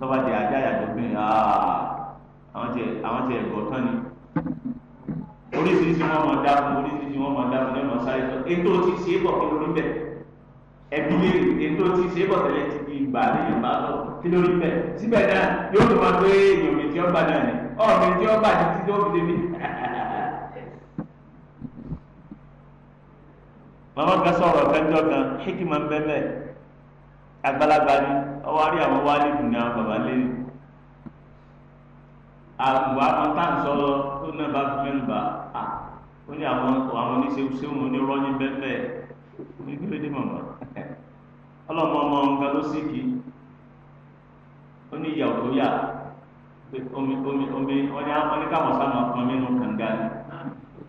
tọ́ba jẹ ajá yàtọ̀ pé àwọn tiẹ̀ àwọn tiẹ̀ ẹ̀kọ́ tán ni oríṣiríṣi wọn mọ̀ dá fún oríṣiríṣi wọn mọ̀ dá fún lẹ́nu ọ̀sáré tó ètò ti ṣe é bọ̀ kí lórí bẹ̀ ẹbí ètò ti ṣe é bọ̀ tẹ́lẹ̀ ti di ìgbà lẹ́yìn bá lọ kí lórí bẹ̀ síbẹ̀ náà yóò tó máa pé èèyàn mi tí ó bá náà ni ọ̀ mi tí ó bá ti ti tó fi débi. màmá kan sọ̀rọ̀ kẹjọ kan hikima bẹ́ẹ̀ àgbàlagbà ni ọwọ́ àrí àwọn wálé dùn ní àwọn bàbá lẹ́yìn àbùwá kan tá à ń sọ lọ tó náà bá fi mẹ́nu bá a ó ní àwọn àwọn oníṣẹ́wọ́n onírọ́yìn bẹ́ẹ̀ onígbèrè dé mọ̀mọ́ ọlọ́mọ ọmọ nǹkan ló sì kí ó ní ìyàwó tó yà omi omi omi wọ́n ní káwọn sáwọn ọkàn nínú kànga ni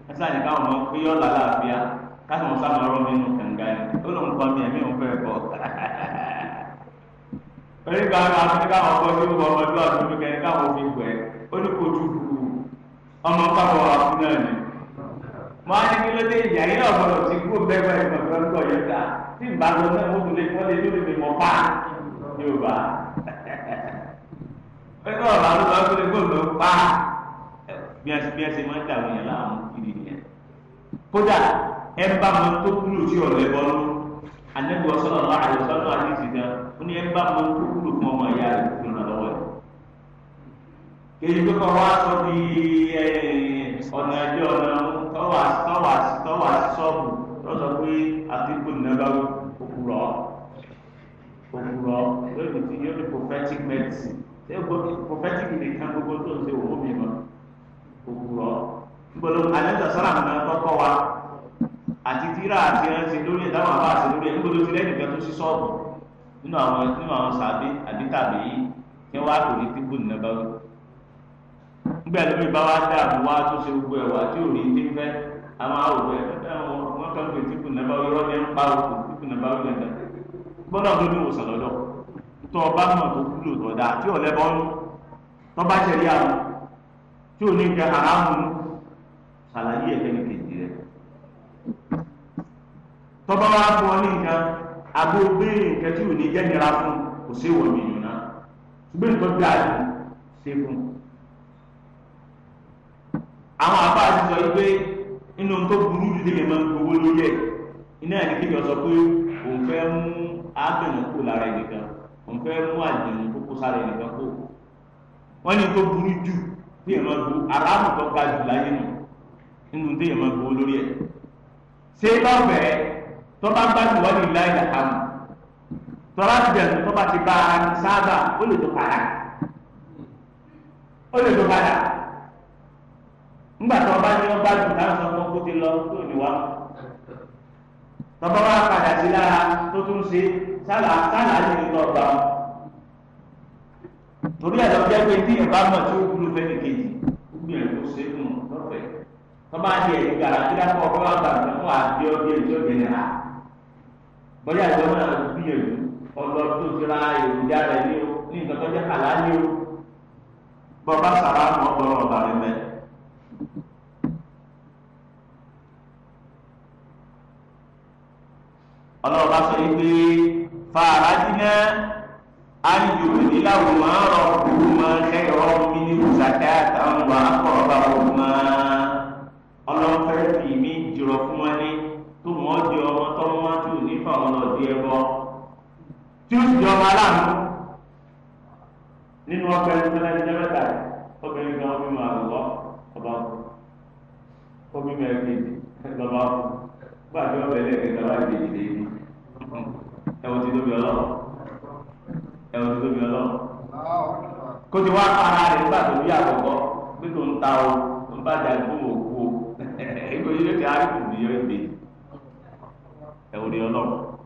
wọ́n sì àyíká wọn pé yọ̀ọ́ làlàáfíà káwọn sáwọn ọ̀rọ̀ nínú kànga ni ó lóun pa mi ẹ̀mí òun fẹ́ bọ̀ ọ́ onígbà máa fi káwọn ọgbọ́n tó wọ ọmọdé àdúgbò kẹrin káwọn omi wẹ̀ ó ní kò tún kú ọmọ pápọ̀ àfún náà ni. mo á ní kí ló dé ìyá yín náà gbọdọ̀ ti kú bẹ́ẹ̀ ìgbà tó ń gbọ̀ yẹn ta tí ìgbà tó náà wọ́n lè wọ́n lè lórí mi mọ̀ pa Yorùbá. pé náà bá ló bá gbọ́dọ̀ gbọ́dọ̀ pa bí a ṣe máa ń dàrú yẹn láwọn kiri yẹn. kódà ẹ bá mi tó kúrò sí ọ̀rẹ́ bọ́lú anabi wasọlọ lọ àyọsọlọ àdìsí náà ó ní ẹni bá mọ kúkúrú fún ọmọ ìyá rẹ tó ràn lọ́wọ́ rẹ. kéyí pé kọ́ wá sọ di ọ̀nà ẹjọ́ ọ̀nà tọ́wà tọ́wà tọ́wà sọ́ọ̀bù lọ́sọ̀ pé àtìkù nàbàwò òkúrọ̀ òkúrọ̀ lórí ti yóò ní prophetic medicine ṣé prophetic kan gbogbo tó ń ṣe òwò mi mọ́ òkúrọ̀ níbo ló alẹ́ sọ̀rọ̀ àwọn ọkọ̀ wa àti tíra àti ẹrẹsì lórí ẹ táwọn àbá àti lórí ẹ níbo ló ti lẹ́yìn nìkan tó sí sọ́ọ̀bù nínú àwọn nínú àwọn sàbí àbí tàbí yìí tí wọ́n á kò ní tíbù nínú bá wọn. nígbà tó mi bá wá dá àbò wá tó ṣe gbogbo ẹ̀wà tí ò rí ní fẹ́ àwọn àwòrán ẹ̀ fẹ́ wọ́n kàn pé tíbù nínú bá wọn yọ ní pa òkú tíbù nínú bá wọn yẹn dá. gbọ́dọ̀ tó ní ìwòsàn lọ́dọ̀ tó ọba mọ̀ tó kúlò tọ̀dá tí ò lẹ́bọ̀ tọ́ba wa fún ọ ní nǹkan àbí o gbé nǹkan tí ò ní jẹ́ nira fún kò sí ìwọ̀n mi yàn náà ṣùgbọ́n nǹkan dáa jù ṣe fún un. àwọn àbá ti sọ yìí pé inú tó burú jù nílẹ̀ máa ń gbowó lórí ẹ̀ iná ẹ̀ ní kéèyàn sọ pé òun fẹ́ mú àgbẹ̀nù kó lára ẹ̀ òun fẹ́ mú àjẹ̀nù kó kó sára ẹ̀ kó wọ́n ní tó burú jù tí èèyàn máa aráàlú tó ga láyé nù nínú tí gbowó lórí ẹ̀ ṣé bá bẹ̀rẹ̀ tọ́ba bá ti wọ́n ní ilá ìlà kan tọ́ba ti bẹ̀rẹ̀ tọ́ba ti bá a sábà ó lè tó padà ó lè tó padà ńgbà tọ́ba ní ọba jù náà sọ fún kó ti lọ tó ní wá tọ́ba wá padà sí lára tó tún ṣe sálà sálà lè lọ gbà torí ẹ̀ lọ́jọ́ pé tí ìbá mọ̀ tí ó kúrò fẹ́ nìkejì ó gbìyànjú ṣe fún un lọ́fẹ̀ẹ́ tọ́ba di ẹ̀ gbàrà kí lápá ọkọ̀ wá gbàgbé fún àbí ọdún ẹ̀jọ́ bẹ̀rẹ̀ rà bóyá ìjọ náà gbìyànjú ọlọ tó ti ra èròjà rẹ ní o ní nǹkan tó jẹ àlàyé o bọba sàrámù ọgbọrọ ọba rẹ mẹ. ọlọ́ọ̀bá sọ yìí pé fàárà jiná ayùbí níláwó máa rọ òkú máa kẹ́rọ mi ní ìsàkẹ́ àtàwọn àkọ́ọ̀bá òkú máa ọlọ́fẹ́ fi mí jùrọ̀ fún. tí ó sì jọ ọmọ aláàánú nínú ọgbà ẹnìtẹ́lá ẹnìtẹ́ mẹ́ta obìnrin kan mímọ àlọ́ ọba ó mímọ ẹ̀kejì lọ́ba ó gbàdúrà ọbẹ̀ lẹ́ẹ̀kẹta wá ìdè ìdè yìí ẹ̀wọ̀n ti tóbi ọlọ́wọ́ ẹ̀wọ̀n ti tóbi ọlọ́wọ́ kó ti wá para rẹ̀ nígbà tó bí àkọ́kọ́ bí tó ń ta o ń bá jà fún òkú o ẹ̀kọ́ yìí ti á rí kùdìyàn ìdè ẹ̀wọ̀n ni ọlọ́wọ́.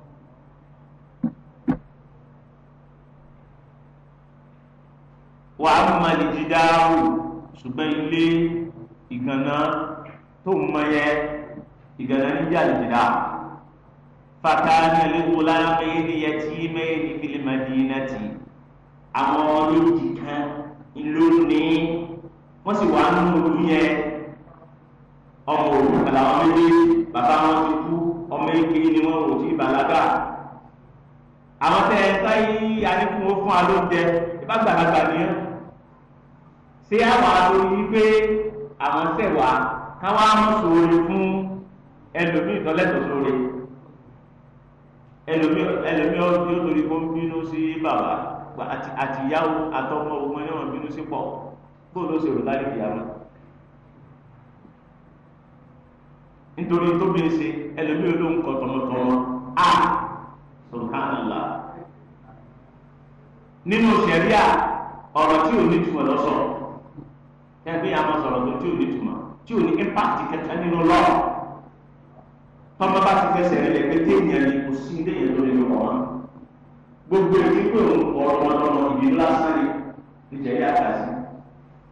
wà á mọ ìdí dáhù ṣùgbọ́n ilé ìgànnà tó ń mọ yẹ ìgànnà níjà ìdí dáhù. fàtàlì lẹ́gbọ̀lámẹ́ ni yẹ tí mẹ́rin ní fílímàdínà tì àwọn olóòjì kan lónìí wọ́n sì wà nínú olú yẹn ọmọ òrukàn làwọn méjèèjì bàbá wọn ti kú ọmọ ìkiri ni wọn ò tí ì bàlágà àwọn tẹ ẹ sáyé anìkún fún alóúnjẹ ìbá gbàlagbà nìyẹn ṣé àwọn àtòyí pé àwọn ṣẹ̀wà káwọn á mú sóore fún ẹlòmíì tọ́lẹ́tọ̀ sóore ẹlòmíì ẹlòmíì ọdún yóò torí kó ń bínú sí bàbá àtìyáwó àtọmọ ogun ẹni wọn bínú sí pọ̀ bóun ló ṣe rò láti fi àwọn. nítorí tó bí ṣe ẹlòmíì ló ń tọmọtọmọ a subhanallah nínú sẹríà ọ̀rọ̀ tí ò ní túmọ̀ lọ́sọ̀rọ̀ tẹ́gbẹ́ yà máa sọ̀rọ̀ tó tí ò ní tuma tí ò ní impact kẹta nínú lọ́wọ́ tọ́mọ ti fẹsẹ̀ rẹ lẹ́gbẹ́ téèyàn ni kò sí ilé yẹn lórí ọ̀rọ̀ wọn gbogbo èyí pé òun ọ̀rọ̀ wọn lọ́nà ìbí ńlá sáré ìjẹ́ yà kà sí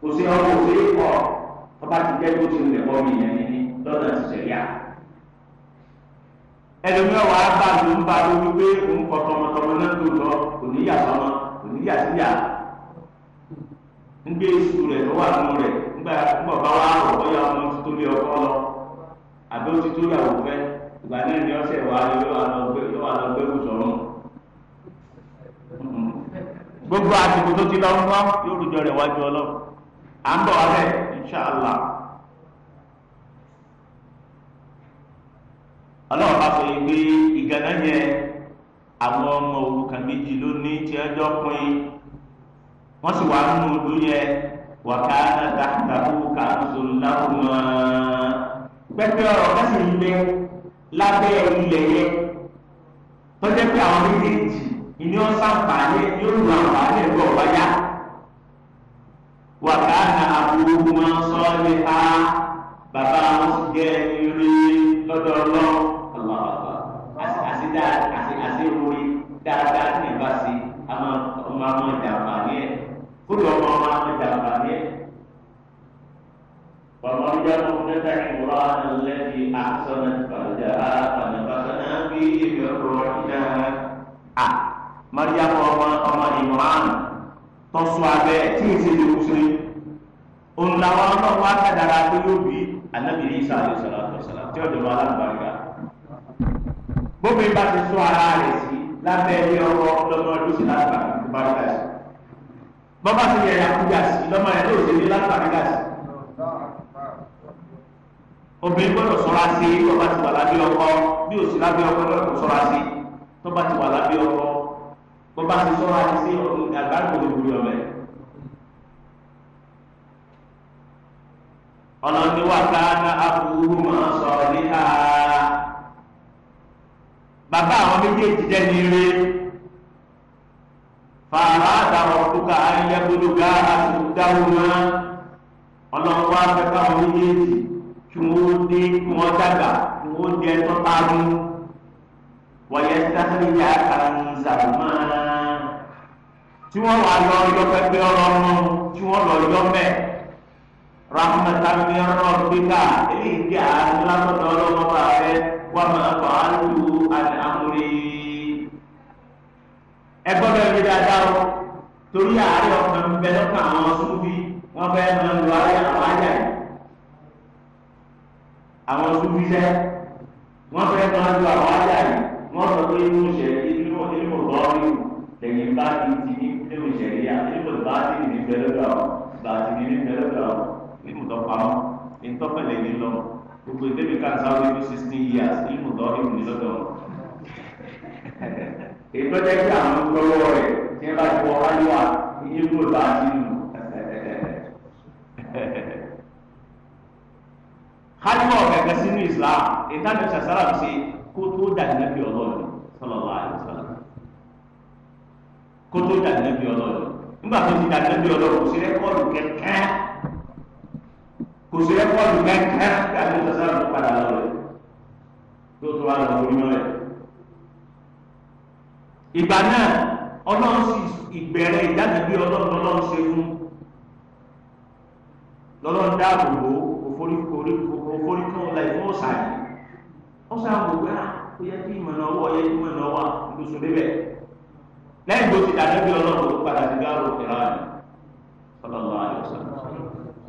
kò sí ọkọ̀ òfé kọ̀ tọ́ba ti jẹ́ kó ti rẹ̀ bọ́ mi yẹn ní lọ́nà ìṣẹ̀lẹ̀ yà ẹlòmíràn wà á bá mi ń bá lórí pé òun kọ tọmọtọmọ náà tó lọ kò ní yà sọmọ kò ní yà síyà ngbe isu rẹ̀ tó wà nínú mgbe ńgbà ńgbà bá wà rọ̀ bóyá ọmọ ti tó lé ọkọ lọ àbí ó ti tó yàwó fẹ́ ìgbà náà ni gbogbo àsìkò tó ti lọ ń yóò rújọ rẹ̀ wájú ọlọ́run à ń bọ̀ wá bẹ́ẹ̀ inṣàlá. ọlọ́run bá sọ yìí pé ìgànnà yẹn àwọn ọmọ òrukàn méjì wọ́n sì wà nínú odò yẹ wà ká nàta tàbí ká zòláhùnmá pẹpẹ ọ̀rọ̀ ká sì ń bẹ lábẹ́ ilẹ̀ yẹ tọjá pé àwọn méjèèjì ìní ọsàn fàáyé yóò lu àǹfààní ẹgbẹ́ ọbàyá wà ká nà àbúrò máa ń sọ ní ká bàbá wọn sì jẹ eré lọ́dọ̀ Ọlọ́run àti àti dáadáa ní ìbáṣe àwọn ọmọ àwọn ìjàmbá ní kúrò ọmọ ọmọ àtẹjà àbàdé wàmọ ọjà mọ fún ẹgbẹ ìwúrọ àtẹlẹsì àtọnà ìbàdà àtànàbàtànà bí ibi ọ̀rọ̀ ìjà à mariam ọmọ ọmọ imran tọsọ abẹ tí n ṣe lè kú sí òun làwọn ọlọ́run wá kàdára pé yóò bí anábìrì isa alayhi salatu wa salam tí ọjọ́ bá alágbàgbà bóbi bá ti sọ ara rẹ̀ sí lábẹ́ ilé ọkọ lọ́mọdún sí lágbàgbà tó bọ́bá sì yẹ ẹ̀yà kúgà sí lọ́mọ ẹ̀ lóòótọ́ ní látàrí gà sí. obìnrin gbọ́dọ̀ sọ́ra sí bọ́bá ti wà lábẹ́ ọkọ bí òsì lábẹ́ ọkọ lọ́dọ̀ sọ́ra sí bọ́bá ti wà lábẹ́ ọkọ bọ́bá ti sọ́ra sí àgbàdo ìwúrí ọ̀rẹ́. ọlọ́ni wà káàdà àbúrú máa sọ̀rọ̀ níhà. bàbá àwọn méjèèjì jẹ́ ní ire fàhádà ọ̀túnkà ayélujára àtúndáwòmá ọlọ́pàá afẹ́fẹ́ àwọn méjèèjì kí wọ́n dé kí wọ́n dàgbà kí wọ́n jẹ tọ́ta mú wọ̀nyẹ sáfìyà kàǹzàmá tí wọ́n wà lọ yọ pẹpẹ ọlọ́run tí wọ́n lọ yọ mẹ́ rahmatulahi rabbika eléyìí jẹ́ àdúrà tọ́tọ́ ọlọ́mọba rẹ wà máa bọ̀ á lù ẹ gbọ́dọ̀ ẹgbẹ́ dáadáa o torí àárẹ̀ ọkàn ń bẹ lọ́kàn àwọn súnfì wọ́n fẹ́ máa ń lo ayé àwọn ayà yìí àwọn súnfì sẹ́ wọ́n fẹ́ máa ń lo àwọn ayà yìí wọ́n sọ pé inú ìṣẹ̀lẹ̀ inú inú ìbọ̀ọ́rì lẹ́yìn bá ti ti ní inú ìṣẹ̀lẹ̀ yà inú bá ti ní ní bẹ́lẹ́dọ̀ bá ti ní ní bẹ́lẹ́dọ̀ nínú ìtọ́pamọ́ ìtọ́pẹ̀lẹ̀ yìí lọ gbogbo ìdẹ́bí kan sáré ní sixteen years inú ìtọ́rìmù ní lọ́dọ̀ ètò jẹ́ kí àwọn gbọ́wọ́ rẹ̀ tí wọ́n bá ti wọ hálíwà iye kúrò bá ti nù. hálíwà ọ̀kẹ́kẹ́ sínú Islam ìtàn ìṣàṣàrà ṣe kó tó dàdí lẹ́bi ọlọ́ọ̀ni sọlọ́lá àyọ̀sọ́lá kó tó dàdí lẹ́bi ọlọ́ọ̀ni nígbà tó ti dàdí lẹ́bi ọlọ́ọ̀ni kò sí rẹ́kọ́ọ̀dù kẹ̀kẹ́ kò sí rẹ́kọ́ọ̀dù kẹ̀kẹ́ kí àti ìṣàṣàrà tó padà lọ rẹ̀ tó tó wà lọ́wọ́ onímọ̀ rẹ̀ ìgbà náà ọlọ́run sì ìgbẹ̀rẹ̀ ìjáde bí ọlọ́run ọlọ́run ṣe fún lọ́lọ́run dáàbò bò òforí kan láì fún ọ̀sà yìí ọ̀sà gbogbo ẹ̀ ó yẹ kí ìmọ̀ náà wọ̀ ó yẹ kí ìmọ̀ náà wà lóṣù débẹ̀ lẹ́yìn tó ti dàdé bí ọlọ́run ló padà sí gáàrò ìlà rẹ̀ sọlọ́lọ́ àyọ̀sán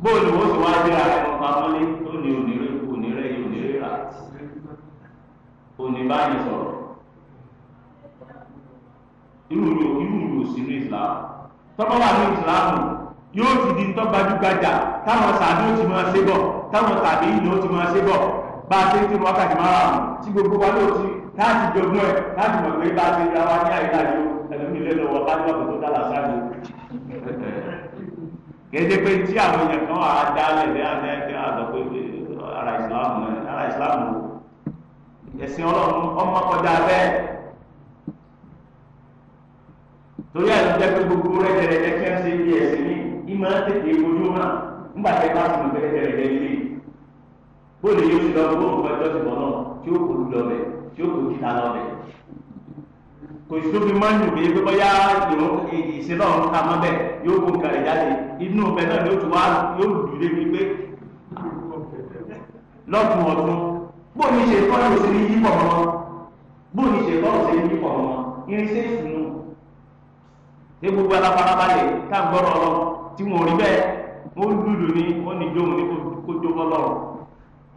bóòlù ó sì wá dé ààrẹ ọ̀pá mọ́lé tó ní onírè onírè onírè rà òní báyìí sọ̀rọ̀ irú ìlú irú ìlú òsínú islam tọ́pọ̀ wà ní islam yóò ti di tọ́ gbajúgbajà táwọn sàbí ó ti máa ṣe bọ̀ táwọn sàbí ìlú ó ti máa ṣe bọ̀ bá a ṣe ń tún wákàtí márùn-ún tí gbogbo wa ló ti láti jogún ẹ̀ láti mọ̀ pé bá a ṣe ra wa ní àyíkájú ẹ̀lómi ilé lọ́wọ́ bá ní ọ̀pọ̀ tó dára sáré. kéde pé tí àwọn èèyàn kan á dálẹ̀ ní àná àgbà pé ara ìsìlámù ara ìsìlámù ẹ̀sìn ọlọ́run ọmọ bẹ́ẹ̀ torí àtúntẹ́ pé gbogbo rẹ̀ tẹ̀lẹ̀ tẹ́ ṣe bí ẹ̀sìn ní ìmọ̀ tètè ojú hàn nígbà tẹ́ bá sùn tẹ́lẹ̀ tẹ́lẹ̀ tẹ́lẹ̀ lé bóòlù yóò ti lọ bóòlù fún ẹjọ́ ti bọ̀ náà tí ó kò lọ bẹ̀ tí ó kò kíta lọ bẹ̀ kò sí tó fi máa ń dùn bíi pé bóyá ìṣe náà ń ta mọ́ bẹ́ẹ̀ yóò kó nǹkan rẹ̀ jáde inú bẹ́ẹ̀ náà yóò tún wá yóò dùn lé mi pé lọ́tún ọ̀tún bóòlù ṣe tọ́lù sí ní yípo ọmọ bóòlù ṣe tọ́lù sí ní yípo ọmọ irinṣẹ́ ìsúnú ní gbogbo aláfarabalẹ̀ ká lọ tí rí bẹ́ẹ̀ wọ́n ń dúdú ní wọ́n ní jóun ní kó jó bọ́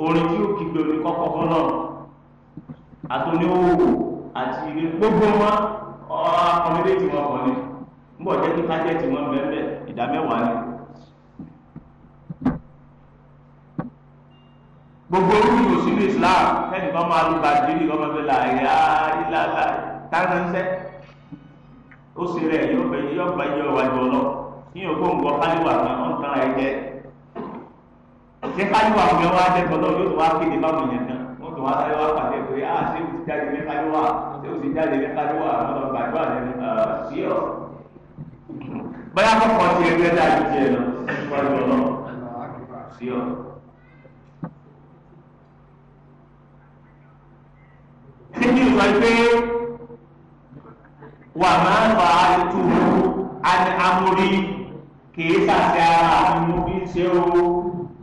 orin tí ó kígbe kọ́kọ́ bọ́ lọ́rùn àti ilé gbogbo wọn akọ̀mídé tí wọ́n kọ́ ni ń bọ̀ jẹ́ kí kájẹ́ tí wọ́n bẹ́ẹ̀ gbogbo Islam máa bàjẹ́ ó sì rẹ̀ yóò bẹ yóò bá yọ wájú ọ lọ ní ògbó ń gbọ́ káyọ̀ àmì ọ̀ǹtàn rẹ̀ jẹ́ ṣé káyọ̀ àmì wa jẹ́ tọ́lọ́ yóò tó wá kéde báwọn èèyàn kan wọ́n tó wá sáré wá pàdé pé a ah, ṣé o ti jáde ní káyọ̀ wa ṣé o ti jáde ní káyọ̀ wa àwọn ọ̀gbà ìgbà rẹ̀ sí ọ̀ báyà kọ́kọ́ ti ẹgbẹ́ dáa ju tiẹ̀ lọ wájú ọ lọ sí ọ̀. Thank you, my friend wà máa fà á tu amúrí kìí sàṣẹ ara mi mo fi ń ṣe o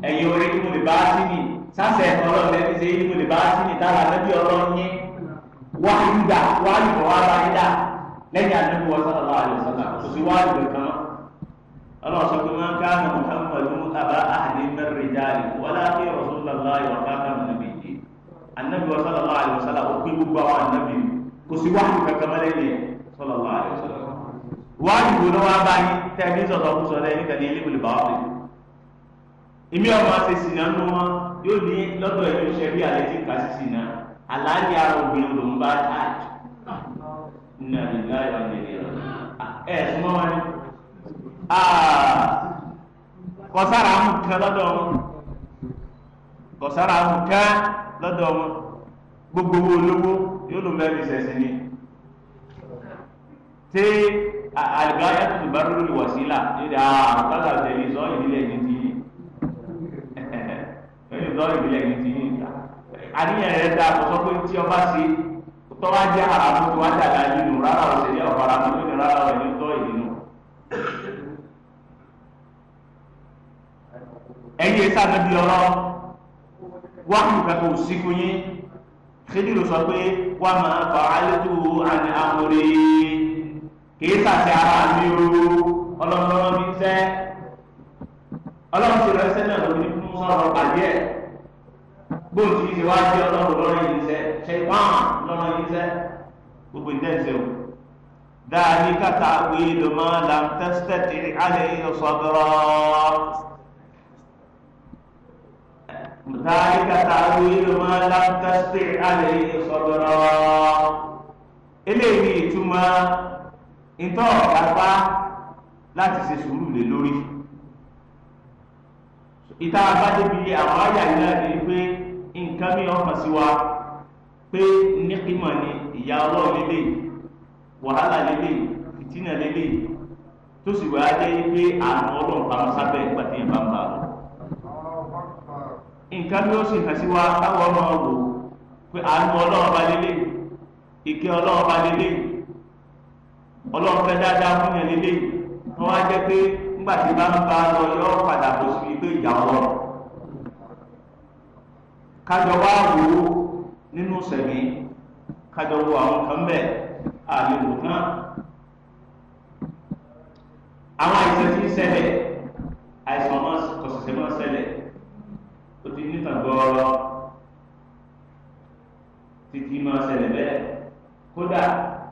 ẹ̀yìn orí kí mo lè bá sí ni sàṣẹ ọlọ́run lẹ́ni ṣe kí mo lè bá sí ni tára lẹ́bí ọlọ́run yín wá yúdà wá yúbọ̀ wá bá yúdà lẹ́yìn àdúgbò wọn sọ̀rọ̀ lọ́wọ́ àlẹ́ sọ̀rọ̀ kò sí wá yúbọ̀ kan ọlọ́run sọ pé máa ń káàmù muhammadu abá ahadi mẹ́rin jáde wọlé kí rasulullah yọ̀ káàmù nàbẹ̀yẹ anabi wa sallallahu alayhi wa sallam ó pé gbogbo àwọn anabi kò sí wáhùn kankan mẹ́rin yẹn sọlọ lọ àyè sọlọ wá ìbò ní wọn bá sọsọ kú sọ lẹ́yìn nígbà ní ilé ìwòlè bàá ọdún ìmí ọmọ ṣe sì náà nù wọn yóò ní lọ́dọ̀ ẹ ṣe bí alẹ́ tí kà sí sì náà aláàjì ara obìnrin ló ń bá táàjì nàbí láyọ nàìjíríà ẹ súnmọ́ wọn ni kọsára àwọn kan lọ́dọ̀ wọn kọsára àwọn kan lọ́dọ̀ wọn gbogbo owó olówó yóò lò mẹ́rin ṣẹ̀ṣẹ̀ ni ṣé àlùbáyà tó bá rúrú ni wàsílà ẹ̀dá àtàlà tẹ̀lé sọ ìdílé ẹ̀yìn tí yìí ẹ̀yìn sọ ìdílé ẹ̀yìn tí yìí ta àníyàn rẹ̀ dá àkọ́sọ́ pé tí ọba ṣe tó wá jẹ́ àràmú tó wá dàgbà nínú rárá o ní ọ̀fara mú ní rárá ọ̀yìn tó ìdínú. ẹ̀yìn sábẹ́bí ọ̀rọ̀ wáhùn kàtó síkú yín Khidiru sọ pé wàá máa fà á lẹ́tọ̀ọ́ àmì àmúrí kìí sàṣẹ ara mi o ọlọ́mọlọ́wọ́ mi sẹ́ ọlọ́run ti rẹ sẹ́nà lórí fún sọ̀rọ̀ pàdé ẹ̀ gbóòtù yìí ti wá sí ọlọ́run lọ́rọ̀ yìí sẹ́ ṣe pàmò lọ́rọ̀ yìí sẹ́ gbogbo ìdẹ́sẹ̀ o dáadíkà tààwé lọ́mọ làǹtẹ́sítẹ́tì alẹ́ ìsọ̀dọ̀rọ̀ dáadíkà tààwé lọ́mọ làǹtẹ́sítẹ́tì alẹ́ ìsọ̀dọ̀rọ̀ eléyìí ìtumọ̀. ìtọ́ agba láti ṣe sùúrù lé lórí ìta abájẹbi àwọn àyà yìí ni pé nǹkan mi ọkàn sí wa pé nípìmọ̀ ni ìyá ọlọ́ọ̀ lélẹ̀ wàhálà lélẹ̀ fìtínà lélẹ̀ tó sì wáá jẹ́ pé ọlọ́run sábẹ́ ìpàdé yẹn bá ń bà á nǹkan mi ó sì hàn sí wa káwọn ọmọ wò pé àánú ọlọ́run bá lélẹ̀ ìkẹ́ ọlọ́run fẹ́ dáadáa fún yẹn lélẹ́ yìí wọ́n wá jẹ́ pé nígbà tí bá ń bá a lọ yọ padà bọ̀ síbi pé ìjà ọlọ́run kájọ wá wò ó nínú sẹ̀mí kájọ wo àwọn kan bẹ́ẹ̀ àlewò kan àwọn àìsàn ti ń ṣẹlẹ̀ àìsàn máa kọ̀sẹ̀sẹ̀ máa ṣẹlẹ̀ ó ti níta gbọ́ọ́rọ́ títí máa ṣẹlẹ̀ bẹ́ẹ̀ kódà.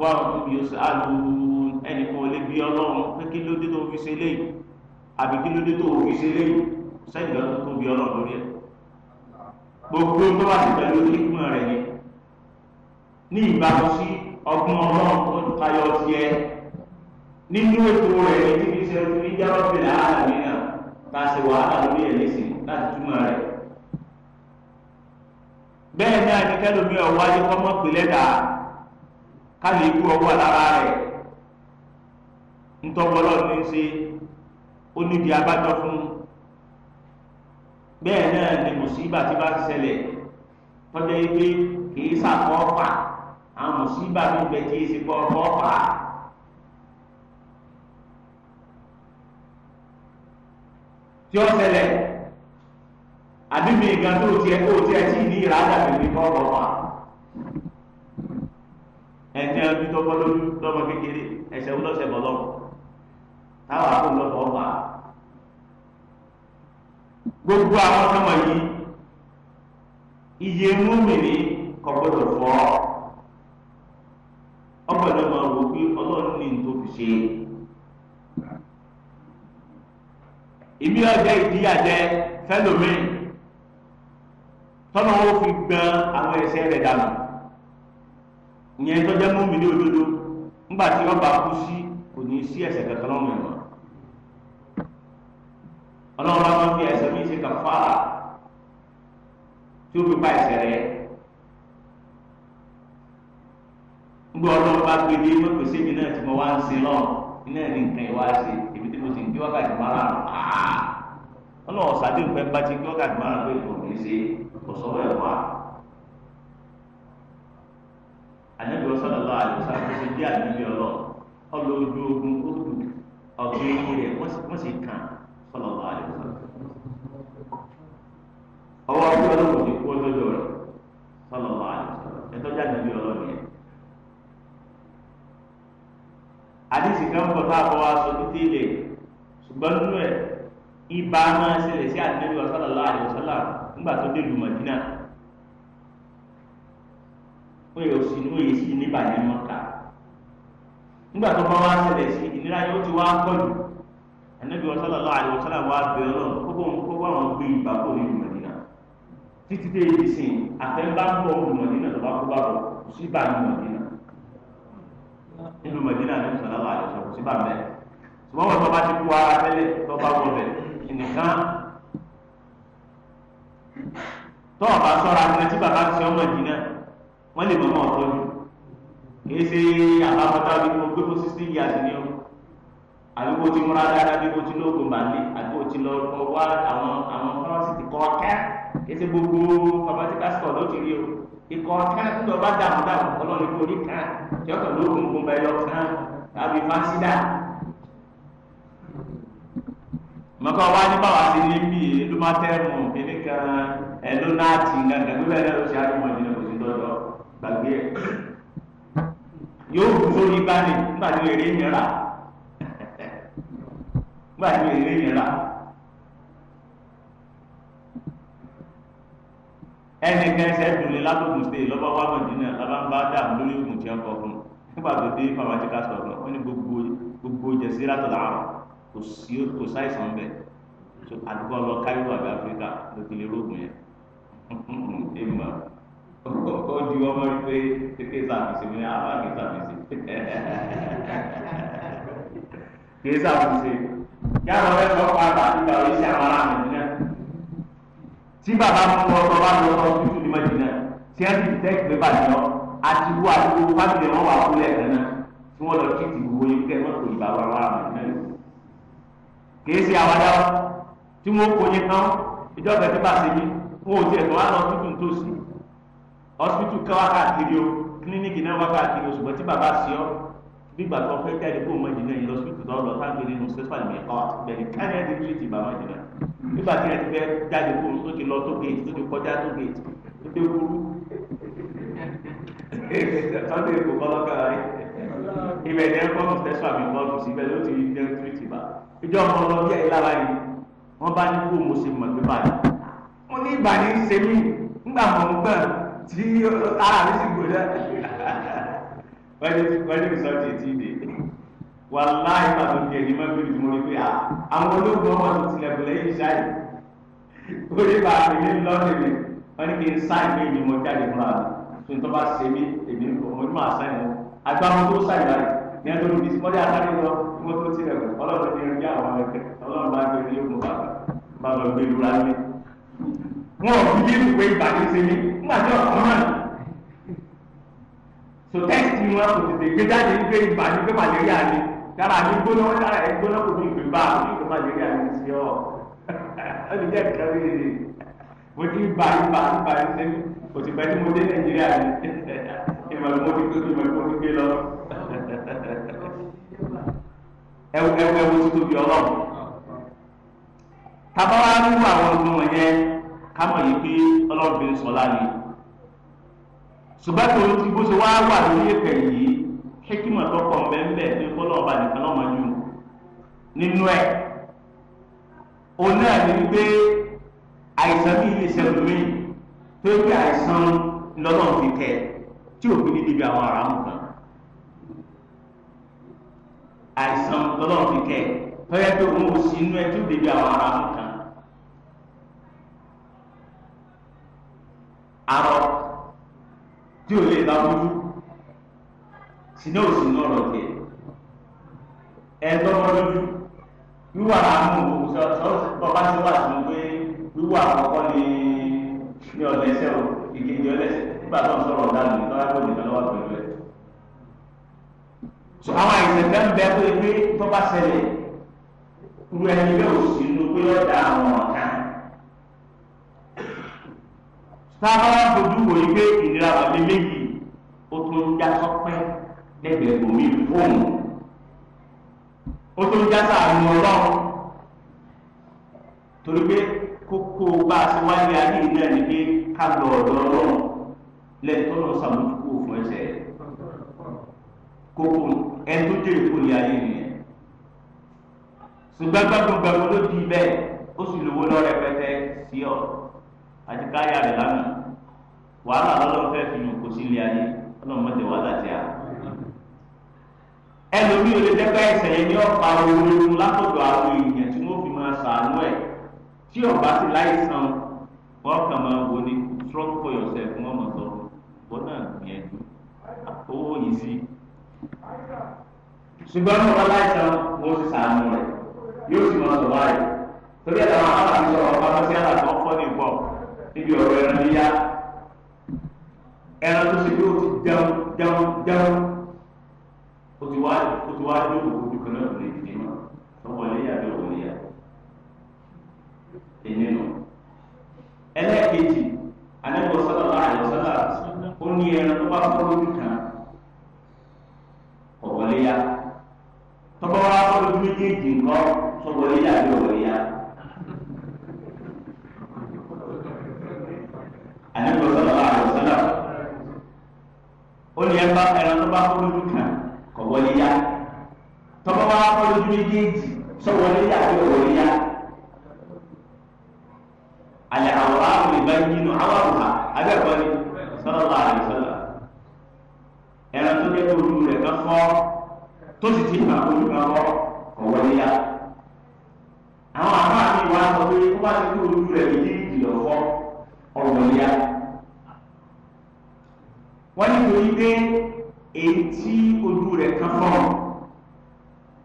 wà ọ̀hún bí oṣù àlùhùn ẹnìkan ò lè bí ọlọ́run pé kí ló dé tó fi ṣe léyìí àbí kí ló dé tó fi ṣe léyìí sẹ́yìn lọ́dún tó bí ọlọ́run lórí ẹ̀ gbogbo tó bá ti pẹ̀lú ìgbìmọ̀ rẹ̀ ni ní ìbámu sí ọgbọ́n ọlọ́run tó ti tayọ tiẹ̀ nínú ètò rẹ̀ ní ti fi ṣe ojú ní jábọ̀bẹ̀ láàrín náà bá ṣe wàhálà lórí ẹ̀ lẹ́sìn láti túmọ̀ rẹ̀ bẹ́ẹ̀ ní kẹ́lòmí ọ̀wá ní ka na-ekwu ọwọ́ lára rẹ̀ ntọ́wọ́lọ́ ní í ṣe ó nídìí abájọ fún náà ni mùsíbà tí bá ti ṣẹlẹ̀ tọ́jà yìí kìí fà àwọn mùsíbà tó bẹ̀ kìí fà. tí ó àbí mi ìgbà tó tí ì ní fà. ẹtí ẹbí tọkọ lójú lọmọ kékeré ẹsẹ wúlọsẹ bọlọ táwọn àpò lọfọ ọgbà gbogbo àwọn sọmọ yìí iye múmìnì kò gbọ́dọ̀ fọ ọgbọdọ máa wò pé Ọlọ́run ní tó fi ṣe ìmí ọjọ́ ìdíyàjẹ fẹlòmíì tọ́nà ó fi gbọn àwọn ẹsẹ̀ rẹ̀ dànù. ìyẹn tó jẹ́ mọ́mí ní òdodo nígbà ọba kú sí kò ní sí ẹ̀ṣẹ̀ kankan lọ́rùn ẹ̀wọ̀n ọlọ́run bá wọn fi ẹ̀ṣẹ̀ mi ṣe kàfàrà tí ó fi pa ẹ̀ṣẹ̀ rẹ̀ nígbà ọlọ́run bá gbé dé wọ́n pèsè mi náà tí mo wá ń iná ẹ̀ ní nǹkan ìwá ṣe tí mo ń gbé wákàtí anabi ọsọdọ lọ àlùsà tó ṣe bí anabi ọlọ ọlọ ojú ogun ó kù ọgbẹ yìí rẹ wọn sì kàn sọlọ lọ àlùsà ọwọ ọgbẹ ọlọpàá ti kú ọjọjọ rẹ sọlọ lọ àlùsà ẹtọjú anabi ọlọ nìyẹn. àdìsí kan bọ̀ tá a bọ̀ wá sọ títí ilẹ̀ ṣùgbọ́n nínú ẹ̀ ibà máa ń ṣẹlẹ̀ sí anabi ọsọdọ lọ àlùsà nígbà tó dé lùmọ̀dínà ó yẹ òsì ó yẹ sí níbà yẹn mọ́ ká nígbà tó bá wá ṣẹlẹ̀ sí ìnira yóò ti wá pọ̀ jù Ànábì sallallahu alaihi wasallam wá bẹ ọlọ́run kókó kókó àwọn gbé ìgbà kó ní Mẹdínà títí dé ibi sìn àfẹ́ńbá ń bọ̀ Mẹdínà tó bá kó bá bọ̀ kò sí bá Mẹdínà nínú Mẹdínà Ànábì sallallahu alaihi wasallam kò sí bá bẹ́ẹ̀ ṣùgbọ́n wọn tó bá ti kú ara tẹ́lẹ̀ tó bá wọ bẹ̀ nìkan tó ọba sọ́ra ẹni tí bàbá ti ọmọ ìdí náà wọ́n lè mọ̀mọ́ ọ̀tọ́ ni kì í ṣe àbábọ́tá bí mo gbé fún sixty years ni o àbí kò ti múra dáadáa bí kò ti lóògùn bàálẹ̀ àbí kò ti lọ wá àwọn àwọn fọ́nrọ́sì ti kọ́ ọ́kẹ́ kì í ṣe gbogbo pharmaceutical store ló ti rí o ikọ̀ ọ́kẹ́ ńlọ bá dààmú dààmú ọlọ́run kò ní kàn tí ọkọ̀ lóògùn gbọmọ ẹ lọ kàn tàbí fásídà mọ̀kọ́ wá ní báwa ti ní bí ló má tẹ́ mọ̀ kí ní kan ẹ̀ ló náà tì ń gàgà gbé bẹ́ẹ̀ lọ́ọ́ ṣe àdúgbò yìí gbàgbé ẹ̀ yóò kú sórí báyìí nígbà tí èrè yẹn rà nígbà tí èrè yẹn rà ẹnì kan ṣe dùnlé látòkùn ṣe lọ́ba wà mọ̀dínà lábá ń bá dààmú lórí oògùn tí wọ́n kọ fún un nígbà tó dé pharmaceutical store náà wọ́n ní gbogbo gbogbo jẹ̀sí látọ̀ làárọ̀ kò sí kò sáìsàn bẹ́ẹ̀ àdúgbò ọlọ́ káyọ̀ àbí áfíríkà lókèlè rógùn yẹn. ó di ọmọ rí pé kékeré sàmìsì mi ní àwọn àgbè sàmìsì kéé sàmìsì kí àwọn ọmọ ẹ̀fọ́ pa àti ìgbà orí sí àwọn ará mi nínú tí bàbá mú ọmọ bá lọ ọmọ tuntun ní mọ́jìnà tí ẹ ti tẹ́ ìpè bàjẹ́ lọ àti wú àti wú fábìlì wọn wà kúlẹ̀ kan náà tí wọ́n lọ kíkì gbogbo yín kẹ́ wọ́n kò ìbá wa wà mọ́jìnà hospital ká wá káàkiri o clinic náà wá káàkiri o ṣùgbọ́n tí bàbá sí ọ gbígbà tó fẹ́ jáde kó mọ jìnnà yìí hospital tó lọ sáà gbére nù sẹ́fà lè kọ́ bẹ̀rẹ̀ káyọ̀ ẹni tó ti bàbá jìnnà nígbà tí ẹ ti fẹ́ jáde kó tó ti lọ tó gate tó ti kọjá tó gate tó ti wúrú sọ́dọ̀ èkó kọ́lọ́kà rẹ̀ ibẹ̀ ní ẹ̀kọ́ sẹ́fà mi bọ́ tó sí ibẹ̀ ló ti rí jẹ́ tó ti bá ìjọ ọmọ ọlọ́jẹ́ ìlara yìí wọ́n bá ní kó mo ṣe mọ̀ gbé báyìí mo ní ìbàní tí ara mi sì gbóná wọ́n ní sọ́ọ̀tì tí ì dé wàláì pàtó kí ẹni máa bíbí mo rí pé àwọn olóògùn ọmọ tó tilẹ̀ bọ̀ lẹ́yìn iṣẹ́ yìí orí bàbá mi ní lọ́ọ̀dẹ̀ mi wọ́n ní kí n sáì pé èmi mo jáde fúnra mi tó ń tọ́ bá ṣe mí èmi mo ní máa sáì wọn agbáwọn tó sáì báyìí ní ẹni tó ní bísí mọ́lẹ́ àtàrí lọ kí wọ́n tó tilẹ̀ bọ̀ ọlọ́run ní ẹni àwọn ẹgbẹ́ ọlọ́run bá gbé ní ogun bàbá bàbá gbé lura mi wọn ò fi bíbù pé ìbàdí ṣe ní nígbà tí ọkọ náà so tẹ́sítì wọn kò tètè gbé jáde wípé ìbàdí pé màlẹ́ríà ni dára ní gbóná dára ẹ gbóná kò ní ìgbé bá a ní ìgbé màlẹ́ríà ni sí ọ ọ ní jẹ́ ìkẹ́ rí rí mo ti bá ibà ibà ṣe kò sì pẹ́ tí mo dé nàìjíríà ni ìmọ̀lẹ́ mo ti gbé ìmọ̀lẹ́ mo ti gbé lọ ẹwọ ẹwọ ẹwọ tó tóbi ọlọ́run tabawa nínú àwọn ọdún wọ̀nyẹn kámọ̀ yìí pé ọlọ́ọ̀bìnrin sọ̀lá ni ṣùgbọ́n tó ti bó ṣe wá wà lórí ẹ̀fẹ̀ yìí hekima tó pọ̀ mbẹ́mbẹ́ ní kọ́lọ́ ọba nìkan náà máa yùn nínú ẹ̀ òun náà ní pé àìsàn bíi ilé ìṣẹ́gun mi tó yẹ kí àìsàn lọ́nà fi tẹ̀ tí òfin ní débi àwọn ará mú kan àìsàn lọ́nà fi tẹ̀ tó yẹ kí òun ò sí inú ẹ̀ tí ó débi àwọn ará mú kan. arọ tí ò lè lábúrú sínú òsì náà rọ tiẹ̀ ẹ̀tọ́ mọlójú wíwà àwọn òkú sọọsì bọba ti wà sí pé wíwà àkọ́kọ́ ni ní ọlẹsẹ o ìkejì ọlẹsẹ nígbà tó ń sọ̀rọ̀ ọdaràn nígbà tó ń lọ pẹ̀lú ẹ. sọ àwọn àìsàn kan bẹ pé pé tó bá ṣẹlẹ̀ ru ẹni bẹ́ẹ̀ ò sí inú pé ọ̀dà àwọn ọ̀tá. tábà wá fojú wò yí pé ìnira wà ní méjì ó tó ń já sọpẹ́ lẹ́gbẹ̀ẹ́ omi fóònù ó tó ń já sàánú ọlọ́run torí pé kókó bá a ṣe wáyé ayé náà ni pé ká lọ ọ̀dọ̀ ọlọ́run lẹ́yìn sàmójúkú fún ẹsẹ̀ kókó ẹni tó dé ìkólé ayé nìyẹn ṣùgbọ́n gbàgbọ́gbàgbọ́ ló di bẹ́ẹ̀ ó sì lówó lọ́rẹ́ pẹ́tẹ́ sí ọ àti káyà rẹ̀ lánàá wàhálà lọ́lọ́run fẹ́ fi yòókù sí ilé ayé ọlọ́run mọ̀tẹ́ wàhálà tí a. ẹlòmíì ò lè dẹ́gbẹ́ ẹsẹ̀ yẹn ní ọ̀pá ooru látọ̀dọ̀ àwọn èèyàn tí wọ́n fi máa sàánú ẹ̀ tí ọ̀bá ti láì san wọ́n kàn máa wò ní struggle for yourself wọ́n mọ̀ sọ wọ́n náà gbìyànjú owó yìí sí. ṣùgbọ́n ní ọ̀bá láì san wọ́n ti sàánú rẹ̀ yóò sì máa sọ̀rọ̀ rẹ̀ torí ẹ̀ ẹran tó ṣe pé ó ti jẹun jẹun jẹun ó ti wá ó ti wá jó òkú kan náà lè dìde mọ tó wọlé yá tó wọlé yá ẹni nù. ẹlẹ́ẹ̀kejì anẹ́kọ̀ọ́ sábà àyọ̀ sábà ó ní ẹran tó bá fọ́ lójú kan ọ̀wọ́lé yá tọ́pọ̀ wá fọ́ lójú méjèèjì nǹkan tó wọlé yá tó wọlé anẹ́kọ̀ọ́ sábà ó ní ẹgbà ẹran tó bá kó lójú kan kò wọlé yá tọ́kọ́ bá kó lójú méjèèjì sọ wọlé yá àti wọlé yá alẹ́ àwòrán àwọn ìbáyínú àwọn àwòrán abẹ́ẹ̀kọ́ ni sọ́dọ̀ àlùsọ́dọ̀ ẹran tó jẹ́ ojú rẹ̀ kan fọ́ tó sì ti hàn ojú kan fọ́ kò wọlé yá àwọn àbá mi wà sọ pé ó bá ti kó ojú rẹ̀ méjèèjì lọ fọ́ ọ̀wọ̀lé yá wọ́n ní torí pé èyí tí ojú rẹ̀ kan fọ́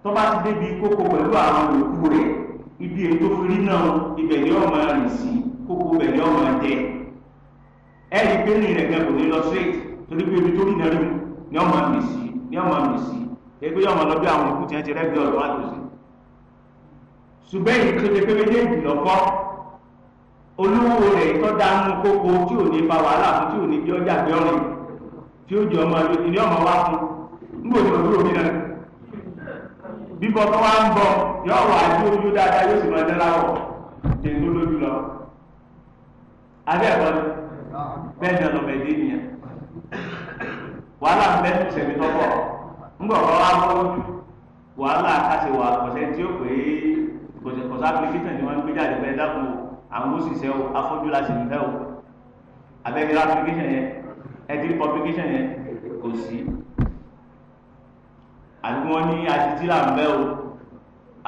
tó bá ti débi kókó pẹ̀lú àwọn òkú rẹ̀ ibi ètò fúri náà ibẹ̀ ni ọmọ rìn sí kókó ibẹ̀ ni ọmọ jẹ ẹ̀rí pé ní rẹ̀ gan kò ní lọ straight torí pé ibi tó rí náà ni ọmọ rìn sí ni ọmọ rìn sí ẹgbẹ́ ọmọ lọ bí àwọn òkú tiẹ̀ ti rẹ́gbẹ́ ọ̀rọ̀ wá lòsì tó ṣe pé méjèèjì lọ́kọ́ olówó rẹ̀ tó dánú kókó tí ò ní ba wàhálà fún tí ò ní bí ọjà gbẹ́ọ̀rìn tí ó jẹ ọmọ ẹgbẹ́ ti ní ọmọ wa fún nígbà òjò òwúrò mi náà bí kọ́kọ́ wa ń bọ̀ yọ wà á tí ojú dáadáa yóò sì máa dẹ́ láwọ̀ jẹ́ tó lójú lọ. abẹ́ ẹ̀kọ́ ni bẹ́ẹ̀ ni ọ̀nà ẹ̀dẹ́ nìyẹn wàhálà ń bẹ́ẹ̀ tún sẹ̀mí tọ́pọ̀ nígbà ọ̀kọ́ wa bọ́ lójú wàhálà kásì wà kọ̀sẹ̀ tí ó pè é kọ̀sẹ̀ apilikétàn ni wọ́n ń gbé jáde pẹ́ dákun àwọn òṣìṣẹ́ o afọ́jú la sì ń fẹ́ o abẹ́rẹ́ apilikétàn yẹn ẹ ti rí publication yẹn kò sí àti wọn ní asití là ń bẹ o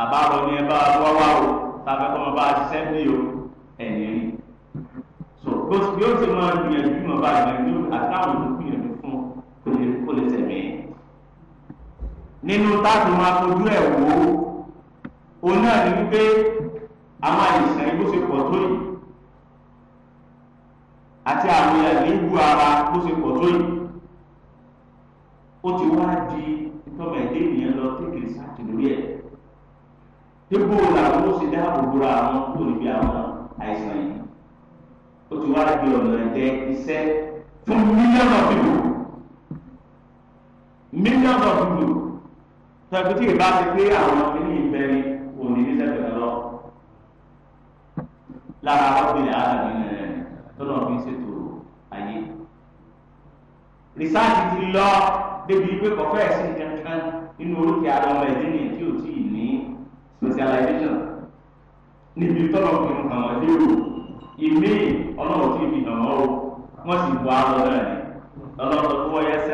àbárò ni ẹ bá wá wá o tàbí kọ́ ọ bá ṣiṣẹ́ bí o ẹ̀yìn rí so bí ó ti máa gbìyànjú bí mo bá gbìyànjú àtàwọn tó gbìyànjú fún kò lè kó lè tẹ̀mí nínú táàtù máa fojú ẹ̀ wò ó náà ní wípé a máa lè sàn bó ṣe pọ̀ tó yìí àti àwọn ẹ̀lẹ́gbù ara bó ṣe pọ̀ tó yìí ó ti wá di ìtọ́mọ̀ ẹ̀dẹ́ ènìyàn lọ tẹ́kì rìsáàtì lórí ẹ̀ dépò làwọn ó ṣe dáàbò bora àwọn tó níbi àwọn àìsàn yìí ó ti wá di ọ̀nà ẹ̀dẹ́ iṣẹ́ fún mílíọ̀nù ọ̀fìlù mílíọ̀nù ọ̀fìlù tọ́jú tí ìbá ti pé àwọn ilé ìbẹ̀rẹ̀ òní ní sẹ́fẹ̀ lọ lára ọ̀gbìn àgbẹ̀ nìyẹn tọ́lọ̀ fi ṣètò ayé rìsáàtì ti lọ débi wípé kọfẹ́ sí kankan nínú orókè ara ọmọ ẹ̀dín ni tí ò tí ì ní socialization níbi tọ́lọ̀ fi hàn wọ́n lérò ìmí ọlọ́run tí ì fi hàn wọ́n o wọ́n sì bọ́ àwọn náà ni lọ́lọ́dọ̀ tó wọ́n yẹ sí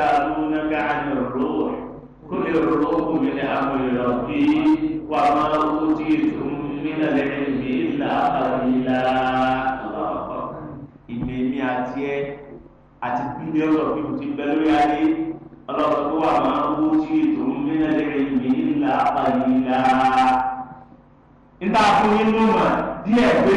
ọ̀rọ̀ kó lè rọ̀ ọkùnrin ní amòyìnrà bí wàá máa ń kó tí ì tún nílẹ̀ lẹ́yìn bí ìlà àbílà. sọ̀rọ̀ pé mo ti bẹ lórí ayé ọlọ́run tó wà máa ń wú sí ètò mílíọ̀nù mi ńlá pàlílà. níta fún yín ló mọ̀ díẹ̀ pé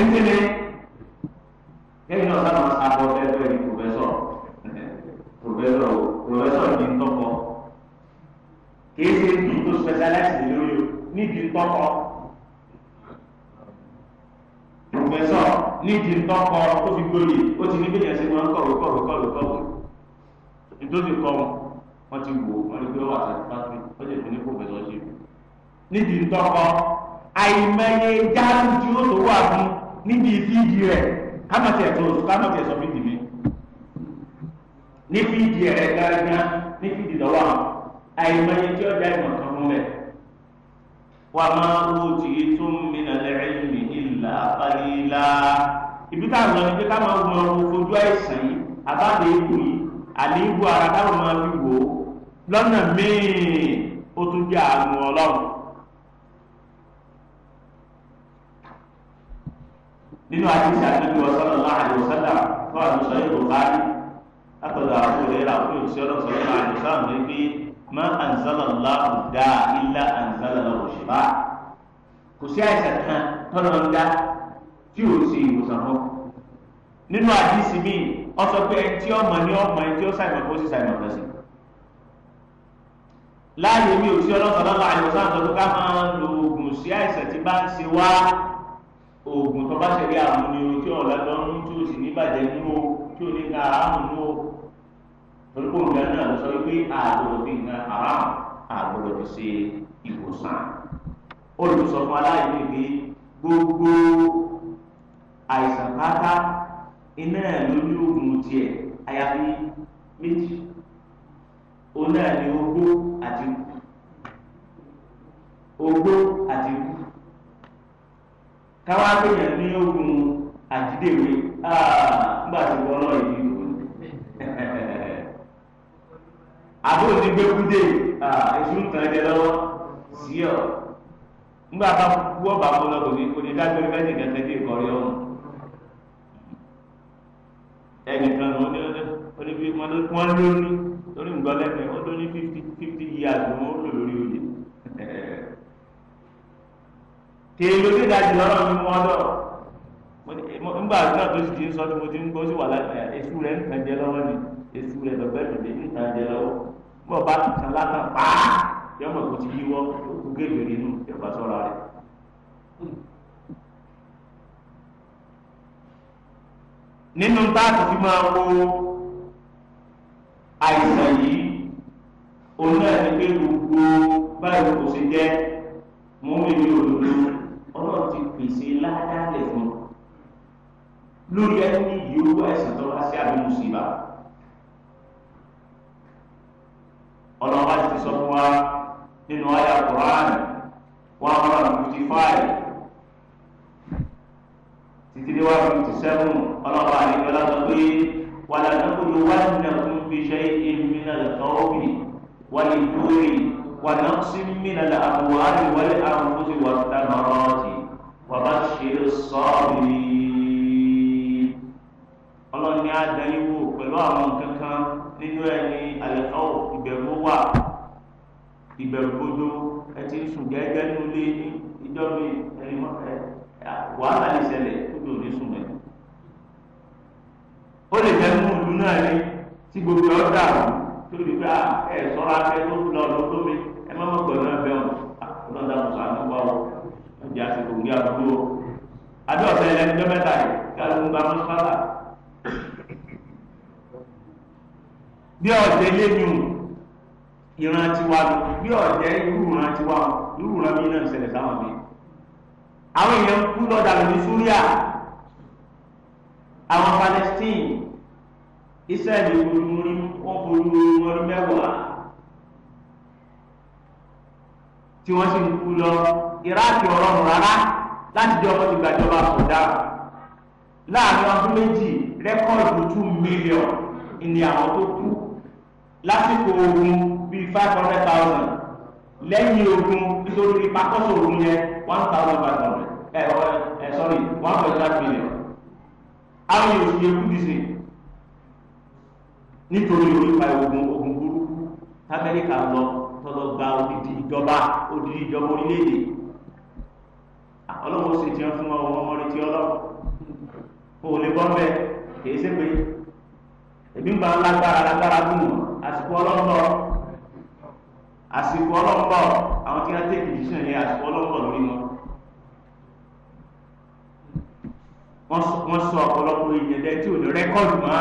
níbi ìtọ́kọ àìmọye jáde tí ó tó wà fún níbi fídì rẹ̀ kámọ̀tì ẹ̀tọ́ kámọ̀tì ẹ̀sọ́ fídì mi ní fídì rẹ̀ gángan ní fídì lọ́wọ́ àìmọye tí ó já ìmọ̀ kan fún rẹ̀ wà máa wo tìyí tó ń mìíràn lẹ́rìn mi ìlà pálílà ibi tá a lọ ni pé ká máa wọ ojú àìsàn yìí àbáde ikú yìí àléébù ara táwọn máa fi wò ó lọ́nà míì ó tún jẹ́ àrùn ọlọ́run. nínú àdìsí àdìsí ọ̀sán láàrin ọ̀sánà tó àdìsí ọ̀yẹ́ bùkárí látọ̀dọ̀ àwọn òlera fún ìṣẹ́ ọlọ́sọ̀ náà àdìsí àwọn ní pé má àǹsálà láàbù dá ilá àǹsálà lọ́wọ́ ṣùgbà kò sí àìsàn kan tọ́lọ́ ń dá tí ò sí ìwòsàn fún. nínú àdìsí mi ọ sọ pé ẹni tí ó mọ̀ ní ọmọ ẹni tí ó ṣàìmọ̀ fún sí ṣàìmọ̀ fún sí. láàyè mi ò sí ọlọ́sọ̀ oògùn tó bá ṣẹlẹ̀ àmú ni o tí ọ̀la tó ń tí o sì ní o tí o ní ká àmú o torí kò ń gbà fi nǹkan fi gbogbo àìsàn pátá iná ló ní oògùn tiẹ̀ àyàfi méjì òun náà ni ogbó àti ogbó àti káwá péyàn ní ogun àjídèwé ah, nígbà tí wọn náà yí ìlú àbó ní gbẹkúdé ah, èso nǹkan ẹjẹ lọ́wọ́ sí ọ nígbà bá wú ọba fún lọ kò ní kò ní dágbére fẹsẹ kẹsẹ dé ìkọrí ọhún ẹnìkan ní wọn ní wọn ní wọn ní wọn lórí lórí nǹkan lẹfẹ wọn tó ní fifty fifty years wọn ó lò lórí oyè. tèmi tó dájú lọ́rọ̀ mi wọ́n dọ̀ nígbà náà tó sì ti ń sọ tí mo ti ń gbọ́ sí rẹ̀ ń tàn jẹ lọ́wọ́ ni rẹ̀ ń tàn jẹ lọ́wọ́ ti tàn látàn pa yọmọ kò ti yíwọ́ kó nínú ìjọba sọ́ra rẹ̀. nínú fi máa wo àìsàn yìí òun náà ọlọ́run ti pèsè ládàálẹ̀ fún lórí ẹni yòówù ẹ̀sìn tó wá sí àbínú sí ibà ọlọ́run wá ti sọ fún wa nínú àyà Quran one hundred and fifty five títí dé one fifty seven ọlọ́run àyẹ̀kọ́ lọ́sọ pé wàlànà kúlù wà nínú ẹ̀kún fi ṣe é èmi náà lọ́wọ́ mi wà ìdúró yìí. ونقص من الأموال والأنفس والثمرات وبشر الصابرين ọlọ́ni àdáyéwò pẹ̀lú àwọn kankan nínú ẹni àlẹ́kọ́ ìbẹ̀rù wà ìbẹ̀rù gbódó ẹ ti ń sùn gẹ́gẹ́ nínú ilé ní ìjọ mi ẹni mọ́ ẹ wàhálà lè ṣẹlẹ̀ kódò ní sùn mẹ́. ó lè fẹ́ mú ìlú náà ní tí gbogbo ọ̀dà tó lè gbà ẹ̀ sọ́ra fẹ́ tó lọ lọ́dọ́ mi ẹ má má pẹ̀lú ẹgbẹ́ wọn àtúntà mùsà ń bọ̀ ọ́ ọjà àsìkò ní àdúgbò adó ọ̀fẹ́ ẹlẹ́ni tó mẹ́ta yìí kálí ń gba mọ́sálà. bí ọ̀jẹ̀ ilé mi ò ìran tiwa lò bí ọ̀jẹ̀ irú ìran tiwa irú ìran mi náà ṣẹlẹ̀ sáwọn mi. àwọn èèyàn kú lọ́dà lórí súríà àwọn Palestine Israẹli ojú orí wọn fojú orí mẹ́wàá. tí wọ́n sì ń kú lọ iraaki ọ̀rọ̀rùn rárá láti jẹ́ ọmọ ti gbàjọba sọ̀dá láàrin ọdún méjì rẹ́kọ̀dù two million ni àwọn tó kú lásìkò ogun bíi five hundred thousand lẹ́yìn ogun nítorí ogun yẹn one thousand five hundred tọ́lọ́ gba odidi ìjọba odidi ìjọba orílẹ̀-èdè ọlọ́run ó sì tiẹ́ fún wọn wọn retí ọlọ́run kó o lè bọ́ mbẹ́ kìí ṣe pé èmi ń gba lágbára lágbára gùn àsìkò ọlọ́run lọ àsìkò ọlọ́run bọ̀ àwọn tí wọ́n tẹ̀ kìí sùn yẹn àsìkò ọlọ́run bọ̀ lórí wọn. wọ́n sọ ọ̀pọ̀lọpọ̀ ìyẹn tí ò ní rẹ́kọ̀dù mọ́.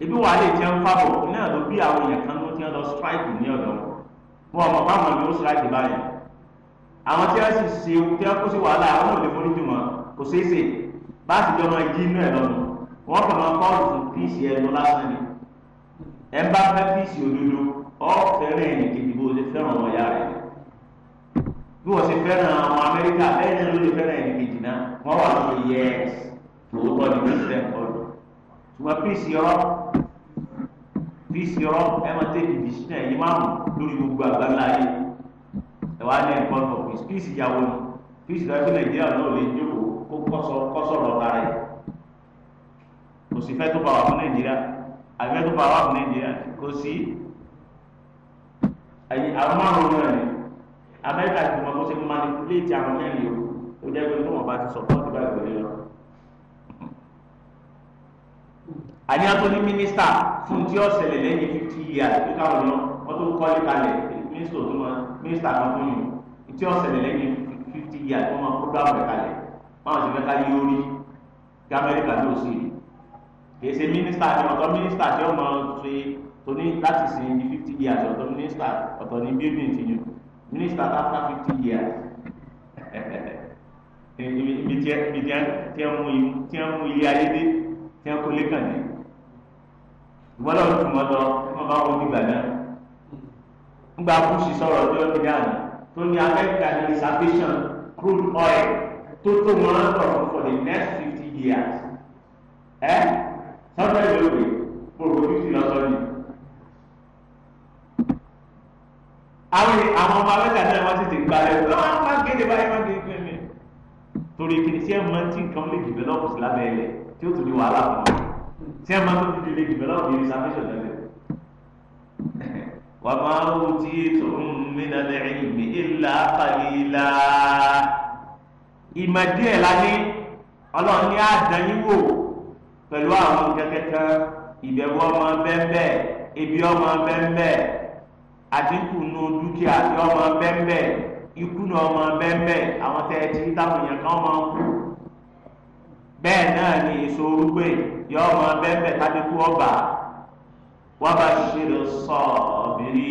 ebi wà lè jẹun fábọ̀ náà ló bí àwọn èèyàn kan ló ti ń lọ strike ní ọ̀dọ̀ wọn ọmọ báwọn ni ó strike báyìí àwọn tí wọ́n sì ṣe tí wọ́n kó sí wàhálà àwọn ò lè forí jùmọ̀ kò ṣeé ṣe bá a sì jọ máa jí inú ẹ̀ lọ́nu wọ́n kàn máa kọ́ọ̀lù fún píìsì ẹnu lásán ni ẹ bá fẹ́ píìsì òdodo ọ fẹ́ràn ẹ̀yìn kejì bó ṣe fẹ́ràn ọmọ ìyá rẹ̀ bí wọ́n ṣe fẹ́ràn ọmọ Amẹ́ríkà bẹ́ẹ̀ náà ló lè fẹ́ràn ẹ̀yìn kejì náà wọ́n wà lórí yẹ́ẹ̀sì tòótọ́ ni wọ́n fẹ́ kọ́ọ̀lù ṣùgbọ́n píìsì ọ bíìsì ọ̀rọ̀ ẹ máa tẹ́kì dìṣínà ẹ̀yìn márùn lórí gbogbo àgbáńlá ayé ẹ wá ní ẹ̀kọ́ ọ̀nà píìsì píìsì ìyàwó ni píìsì ìdájọ́ nàìjíríà náà lè jókòó kó kọ́sọ̀rọ̀ ọ̀tá rẹ̀ kò sí fẹ́ tó bá wà fún nàìjíríà àbí fẹ́ tó bá wà fún nàìjíríà kò sí àwọn márùn náà ni amẹ́ríkà ti mọ bó ṣe máa ní pléètì àwọn mẹ́rin o ó jẹ́ pé tó wọn bá ti sọ̀tọ́ ti bá ìgbẹ́ lọ. àní a tó ní mínísítà fún tí ó ṣẹlẹ̀ lẹ́yìn fifty years tó káwọn lọ wọ́n tó kọ́lé kalẹ̀ mínísítà tó máa mínísítà kan fún yìí tí ó ṣẹlẹ̀ lẹ́yìn fifty years tó máa program rẹ̀ kalẹ̀ báwọn ṣe fẹ́ ká yí orí kí amẹ́ríkà ló ṣe kìí ṣe mínísítà tí ọ̀tọ̀ mínísítà tí ó máa ṣe tó ní láti sin ní fifty years ọ̀tọ̀ mínísítà ọ̀tọ̀ ní building ti yàn mínísítà after fifty years ibi tí ẹ mú ilé ayé dé tí ẹ kó lé kàn dé ìwọlọ́ tó mọ̀ lọ tí wọ́n bá wọ́n bí gbà náà ńgbà búṣì sọ̀rọ̀ tó ní àná tó ní amẹ́ríkà ní reservation crude oil tó tó wọn lọ́tọ̀ for the next fifty years ẹ sọ́dọ̀ ìlú òwe pòròbí sí lọ́sọ̀ ni. àwọn àwọn ọmọ amẹ́ríkà náà wọ́n ti ti gba ẹ̀ lọ́wọ́ àwọn máa ń gé nípa ẹ̀ máa ń gé torí kìnìṣẹ́ mọ́tì kan lè develop sí lábẹ́ ẹ̀ tí ó tún ní wàhálà fún ọ tí a máa tó ti délé jùlọ láwọn kiri sàfẹ́sọ̀ tẹ́lẹ̀. wà á máa wò tí ètò mílíọ̀nù ẹ̀yìn mi ìlà àpàlìlà ìmọ̀ díẹ̀ lání ọlọ́run ní àdáyíwò pẹ̀lú àwọn kẹ̀kẹ́ kan ìbẹ̀wò ọmọ bẹ́ẹ̀ ebi ọmọ bẹ́ẹ̀ àdínkù nù dúkìá ọmọ bẹ́ẹ̀ ikú nù ọmọ bẹ́ẹ̀ àwọn tẹ̀ ẹ́ ti táwọn èèyàn kan máa ń kú bẹ́ẹ̀ náà ni èso orúgbè yọ ọmọ bẹ́ẹ̀ tàbíkú ọba wọ́n bá ṣiṣẹ́ sọ ọ̀bìrì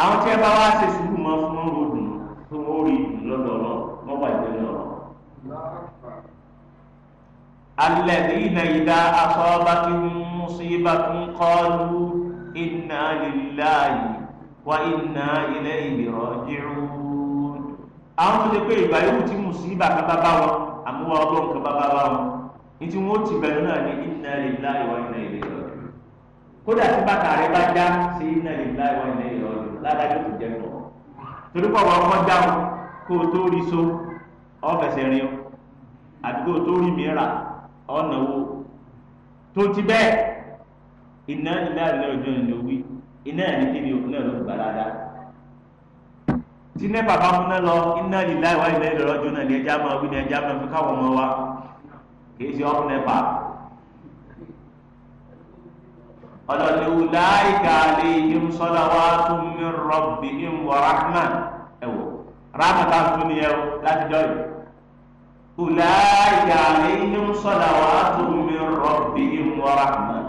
àwọn tí ẹ bá wá ṣe sùúrù mọ́ fún ròdùn tó wọ́n rí lọ́dọọlọ́ wọ́n wà ní lọ́rọ̀. alladhina idha asabathum musibatun qalu inna lillahi wa inna ilayhi raji'un. àwọn tó ti pé ìgbà yóò ti mùsíbà kan bá bá wọn àmúwá ọlọ́run kan bábá bá wọn ní tí wọ́n ti bẹ̀rù náà ní inna lillahi wa inna ilayhi raji'un kódà tí bàtà rẹ bá já sí inna lillahi wa inna ilayhi raji'un ládàjọ́ tó jẹ́ pọ̀ torí pọ̀ wọ́n kọ́ já kó o tó rí so ọ̀fẹ̀sẹ̀ rin o àdúgbò tó rí mìíràn ọ̀nàwó tó ti bẹ́ẹ̀ inna lillahi wa inna ilayhi raji'un ìnáà ní ni òkú náà ló gbà dáadáa tí nẹ́pà bá múná lọ iná lílá ìwà ilẹ̀ ìlọ̀rọ̀ jóná ní ẹja máa wí ní ẹja máa fi káwọn ọmọ wa kì í ṣe ọ́fún nẹ́pà. ọlọ́lẹ́wù láìka lè yí ń sọ́lá wá tún mi rọ̀bì ní wọ ráhmà ẹ̀wọ̀ ráhmà tá a fún ni ẹ láti jọ yìí. Ulaika alayhim salawatun min rabbihim wa rahmah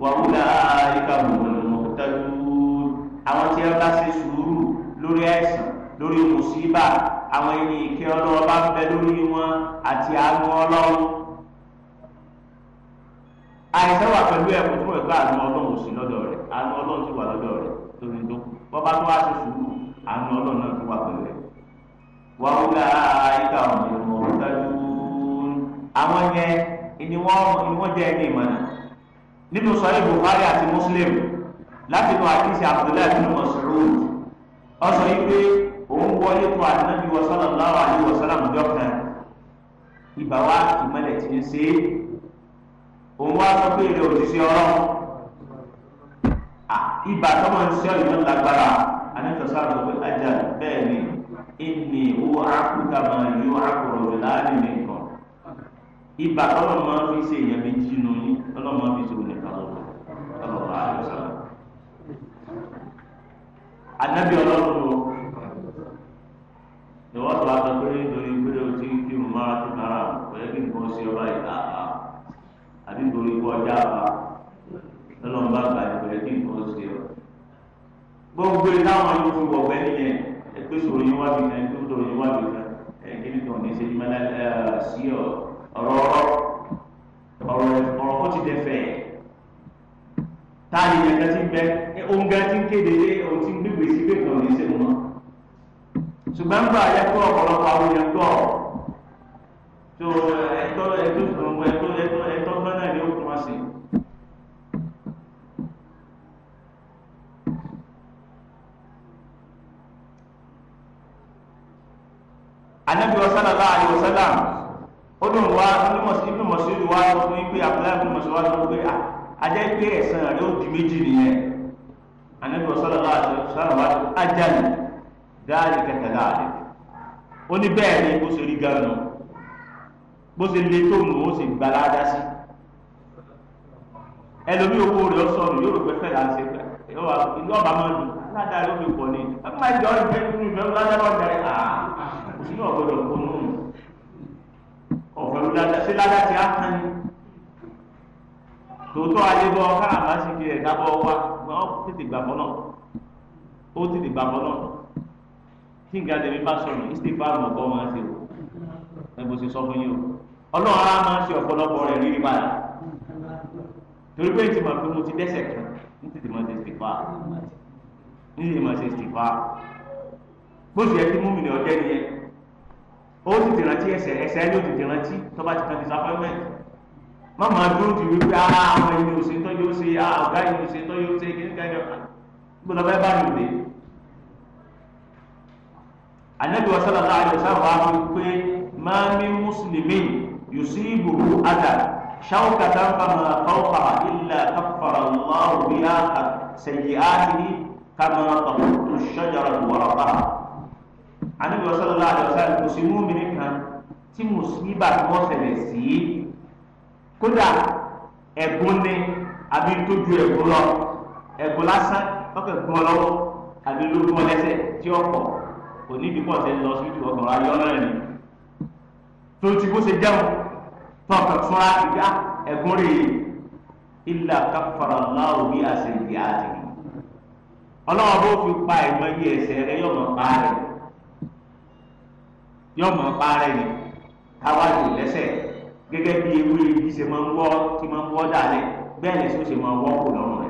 wa ulaika humul muhtadun. Àwọn tí ẹ bá ṣe sùúrù lórí ẹ̀sìn lórí mùsíbà àwọn ẹni ìkẹ́ ọlọ́wọ́ bá ń bẹ lórí wọn àti àgọ́ ọlọ́run àìsàn wà pẹ̀lú ẹ̀ kó tún ẹ̀ pé àánú ọlọ́run sí lọ́dọ̀ rẹ̀ àánú ọlọ́run sì wà lọ́dọ̀ rẹ̀ lórí tó bọ́ bá tó wá sí sùúrù àánú ọlọ́run náà tó wà pẹ̀lú ẹ̀. wà ó gba àyíká ọ̀hún ìmọ̀ òǹtajú àwọn yẹn ni wọ́n jẹ́ ẹni ìmọ̀nà nínú sọ́yìn Bukhari àti Muslim láti lọ àkíyèsí Abdullahi bin Mas'ud ó sọ yìí pé òun wọlé tó ànábi wọ sallallahu alaihi wasallam dọ́kan ibà wa ìmọ̀lẹ̀ tí ń ṣe é òun wá sọ pé èrè òṣìṣẹ́ ọ̀rọ̀ ibà tọ́mọ̀ ń ṣe ọ̀yọ́ lágbára ànábi sọ sáà sọ pé ajá bẹ́ẹ̀ ni ìní owó àkúta máa yọ àkùrọ̀ láàrin nìkan ibà tọ́mọ̀ máa fi ṣe èèyàn méjì nù ní tọ́lọ́ fi ṣe òun nìkan lọ́wọ́ sallallahu alaihi wasallam ànábi ìwọ́n tó a sọ pé nítorí pé o ti ń kírun máa tó kára kò yẹ kí nǹkan ṣe ọba ìta àbá àbí nítorí pé ọjà àbá lọ́lọ́run bá gbà kò yẹ kí nǹkan ṣe ọ. gbogbo táwọn yóò fi wọ̀ bẹ́ẹ̀ nìyẹn ẹ pé sòrò yín wá bí kan ẹ pé sòrò yín wá bí kan ẹ kí ni kàn ní ṣe ní mẹ́lá ẹ sí ọ ọ̀rọ̀ ọ̀rọ̀ ọ̀rọ̀ kó ti dẹ́fẹ̀ táyì yẹn kẹ́ ti bẹ́ oúnjẹ ti ń kéde ohun ti gbégbèsí pé kàn ní ṣe mọ́ ṣùgbọ́n gbà yẹ kó ọ̀pọ̀lọpọ̀ àwọn èèyàn gbọ́ tó eh, ẹ̀tọ́ ẹ̀tọ́ ẹ̀tọ́ ẹ̀tọ́ ẹ̀tọ́ gbọ́nà ní òkun wọn sí. anabi wa sallallahu alayhi wa sallam ó dùn wá ibi mọ̀síwájú wá sọ fún yín pé abdullahi bin mọ̀síwájú sọ pé ajá ìpè ẹ̀sán rẹ̀ ó di méjì nìyẹn anabi wa sallallahu alayhi wa sallam ajá nìyẹn dáàlì kẹtẹlá rẹ ó ní bẹ́ẹ̀ ni bó ṣe rí gánà bó ṣe le tó nù ó sì gba ládá sí ẹlòmíì owó rẹ ó sọnù yóò rò pé fẹ́ là ń ṣe pẹ́ ìlú ọba máa dùn ládàá ló fi pọ̀ ni ẹ máa jọ ìgbẹ́ nínú ìfẹ́ ládàá lọ́ọ́ jẹ àá òsínú ọ̀gbọ́dọ̀ kó nù ọ̀fẹ́ ládàá sí ládàá ti á kán ni tòótọ́ ayébọ̀ káàmásìkì ẹ̀dábọ̀ wa wọ́n tètè gbàgbọ́ náà ó tètè gbàgbọ́ náà tí nǹkan tèmi bá sọnù ìsìnkú àrùn ọ̀bọ máa ń ṣe o ẹ bó ṣe sọ fún yín o ọlọ́run ara máa ń ṣe ọ̀pọ̀lọpọ̀ rẹ̀ rírí padà torí pé ìtìmọ̀ pé mo ti dẹ́sẹ̀ kan ní tètè máa ṣe ìsìnkú àrùn ní tètè máa ṣe ìsìnkú àrùn bó ṣe yẹ kí mú mi ní ọjọ́ nìyẹn ó ti ti rántí ẹsẹ̀ ẹsẹ̀ ló ti ti rántí tó bá ti kan disappointment má máa dúró ti wípé ara ah, àwọn ẹni òṣèǹtọ́ yóò ṣe ah, ọ̀gá ẹni òṣèǹtọ́ yóò ṣe kí anabi wa sallallahu alayhi wa sallam wàá fi pé máa mi mùsùlùmí yusibu ada ṣáwùkà tá n fa ma fọwọ́fà ilà káfàrà lọ́wọ́ bí a sẹ̀yìn áhìrì kàmá tọ̀tù ṣọ́jọ́rọ̀ wọ̀rọ̀ bá. anabi wa sallallahu alayhi wa sallam kò sí mú mi nìkan tí mùsùlùmí tí wọ́n ṣẹlẹ̀ sí kódà ẹ̀gún ni àbí tójú ẹ̀gún lọ ẹ̀gún lásán tọkẹ̀ gún ọ lọ́wọ́ àbí ló gún kò pọ̀ sí lọ sí ìdìbò ọkọ̀ ayé ọ̀rẹ́ ni tó ti bó ṣe jẹun tọkàn súnra ìyá ẹ̀gún rè é ilà káfàrà láwù bí àṣẹ ìyá àti ọlọ́run ló fi pa ìmọ̀ yí ẹsẹ̀ rẹ yọ̀mọ̀ pa rẹ̀ yọ̀mọ̀ pa rẹ̀ ni káwájú lẹ́sẹ̀ gẹ́gẹ́ bí ewé ibi ṣe máa ń wọ́ ti máa ń wọ́ dálẹ̀ bẹ́ẹ̀ lẹ́sẹ̀ ṣe máa wọ́ kò lọ́rùn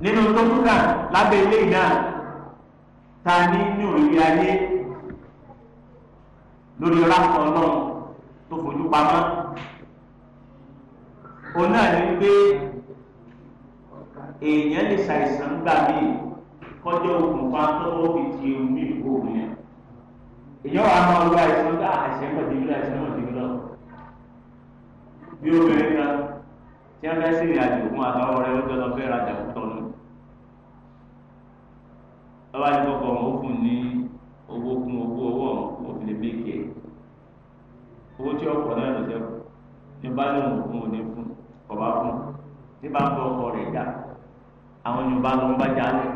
nínú tó kú náà lábẹ́ ilé náà ta ní nínú ìrírí ayé lórí rákọ̀ náà tó fojú pamọ́ òun náà ní pé èèyàn lè ṣàìsàn gbà mí kọjọ òkùnfà tọwọ́ fi ti ewu mí kó o yẹn èèyàn wà máa wá àìsàn gbà àìsàn náà dèbí lọ àìsàn náà dèbí lọ bí obìnrin kan tí wọn fẹẹ sìnrìn àjò fún àtàwọn ọ̀rẹ́ wọn jọ lọ fẹẹ rajà fún tọdún bàbá yìí kọ́kọ́ ọmọ òfin ní owó kún owó ọwọ́ òfin lè kéèké owó tí ọkọ̀ náà lọ sẹ́kù ní bá lóun òfin òní fún ọba fún tí bá ń bọ ọkọ rẹ̀ dá àwọn yorùbá ló ń bá já lẹ̀.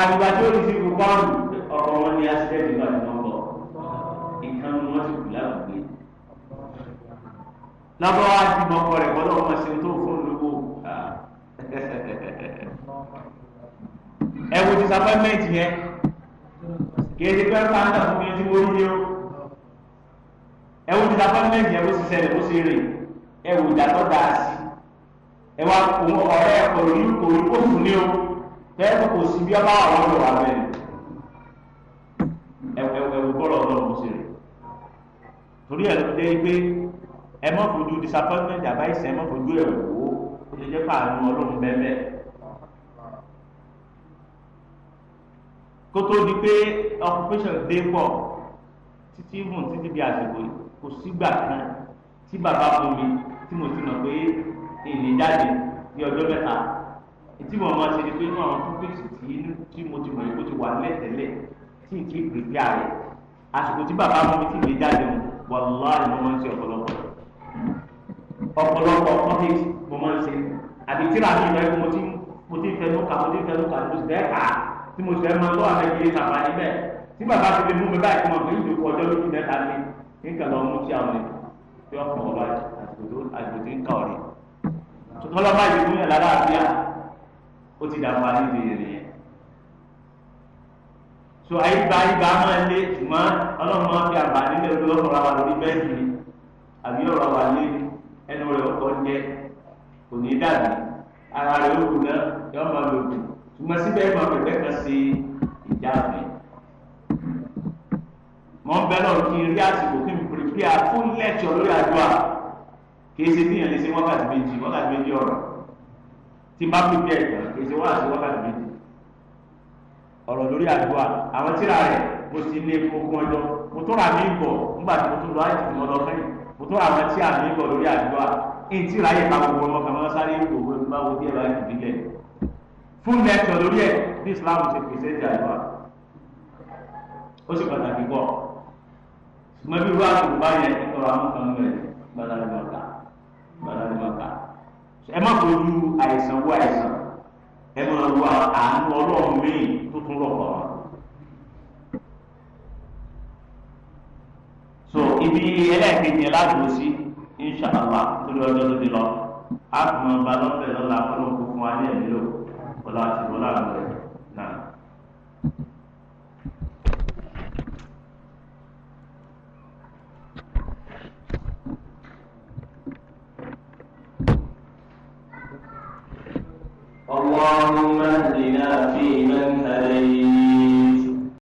àgbà tí ó lè fi kú bọ́ọ̀lù ọkọ̀ wọn ní asẹ́ẹ̀tì náà ni wọ́n bọ̀ ìkan ni wọ́n ti kù láwùjọ lọ́bọ̀ wá ti mọ̀ ọkọ rẹ̀ kọ́ lọ́wọ́ ṣe tó fún olówó. ẹ wo disappointment yẹn kìí ṣe pé pàǹtà fún mi tí mo rí ni o ẹ wo disappointment yẹn bó ṣe ṣẹlẹ̀ bó ṣe rè ẹ wò ìdàtọ̀ dà sí ẹ wá ọ̀rẹ́ ẹ̀ kò rí kò rí kò fún ni o tẹ́lẹ̀ kò sí bí ọba àwọn ọ̀rọ̀ wà bẹ́ẹ̀ ẹ̀wù bọ́ọ̀lù ọlọ́run kò sí rẹ̀ torí ẹ̀ ló jẹ́ pé ẹ má fojú disappointment àbáyé sẹ́ ẹ má fojú ẹ̀ wò ó ó lè jẹ́ pàánù ọlọ́run bẹ́ẹ̀ bẹ́ẹ̀. tó tó di pé occupation dé pọ̀ títí mù títí di àsìkò kò sígbà kan tí bàbá fún mi tí mo ti mọ̀ pé èlé jáde ní ọjọ́ mẹ́ta ètí mo máa ṣe ni pé inú àwọn tópèsì tí tí mo ti mọ̀ yìí kó ti wà lẹ́tẹ̀lẹ̀ tí n ti pèpè ààrẹ àsìkò tí bàbá fún mi tí èlé jáde mu wàláì mo máa ń ṣe ọ̀pọ̀lọpọ̀ ọ̀pọ̀lọpọ̀ topics mo máa ń ṣe àbí tíra mi lọ́yẹ́ mo ti fẹnu kà mo ti fẹnu kà mo ti fẹ́ kà á tí mo sọ ẹ máa lọ àtẹkiri nàbà níbẹ̀ tí bàbá ti fi mú mi báyìí kó máa gbé ìdòkú ọjọ́ méjì mẹ́ta ní nǹkan lọ mú sí àwọn ènìyàn tí wọ́n kàn ọba àgbòdì ń kà ọ̀rẹ́ tuntun lọ́ba yìí fún yàrá àbíà ó ti dàgbà níbi ìrìn so àyíká àyíká máa lé ṣùgbọ́n ọlọ́run máa fi àbá nílẹ̀ olú ọ̀rọ̀ wa ni àbí ọ̀rọ̀ wa lé ẹnu rẹ̀ ọ̀kọ́ jẹ kò ní dàbí ara rẹ̀ ó ṣùgbọ́n síbẹ̀ máa bẹ̀bẹ̀ kan ṣe ìjáde mọ̀ ń bẹ náà kí n rí àsìkò kí n pèpè fún lẹ́tọ̀ lórí àdúrà kì í ṣe bí yẹn lè ṣe wákàtí méjì wákàtí méjì ọ̀rọ̀ tí n bá pèpè ẹ̀gbọ́n kì í ṣe wákàtí wákàtí méjì ọ̀rọ̀ lórí àdúrà àwọn tíra rẹ̀ mo ti lé ogún ọjọ́ mo tó ra mí bọ̀ nígbà tí mo tún lọ àìsàn mọ́ lọ fẹ́yìn mo tó ra àwọn tí àmì bọ̀ lórí àdúrà èyí tíra yẹ ká gbogbo ọmọ kan sáré gbogbo ìgbà wo díẹ̀ báyìí fún lẹ́tọ̀ lórí ẹ̀ bí Islam ṣe pèsè ìjà ìwà ó sì pàtàkì pọ̀ ṣùgbọ́n bí wàá tó bá yẹn tọrọ àwọn kan rẹ̀ gbadalimọ̀ta gbadalimọ̀ta ẹ má fojú àìsàn wọ àìsàn ẹ má wọ àánú ọlọ́run míì tó tún rọ̀ pọ̀ so ibi ẹlẹ́ẹ̀kejì ẹ̀ láti wò sí inṣàlá torí ọjọ́ tó ti lọ a kò mọ̀ ọba lọ́fẹ̀ẹ́ lọ́la kó ló fún wa ẹ̀mí lò. ولا عسل ولا مغرب نعم اللهم اهدنا فيمن هديت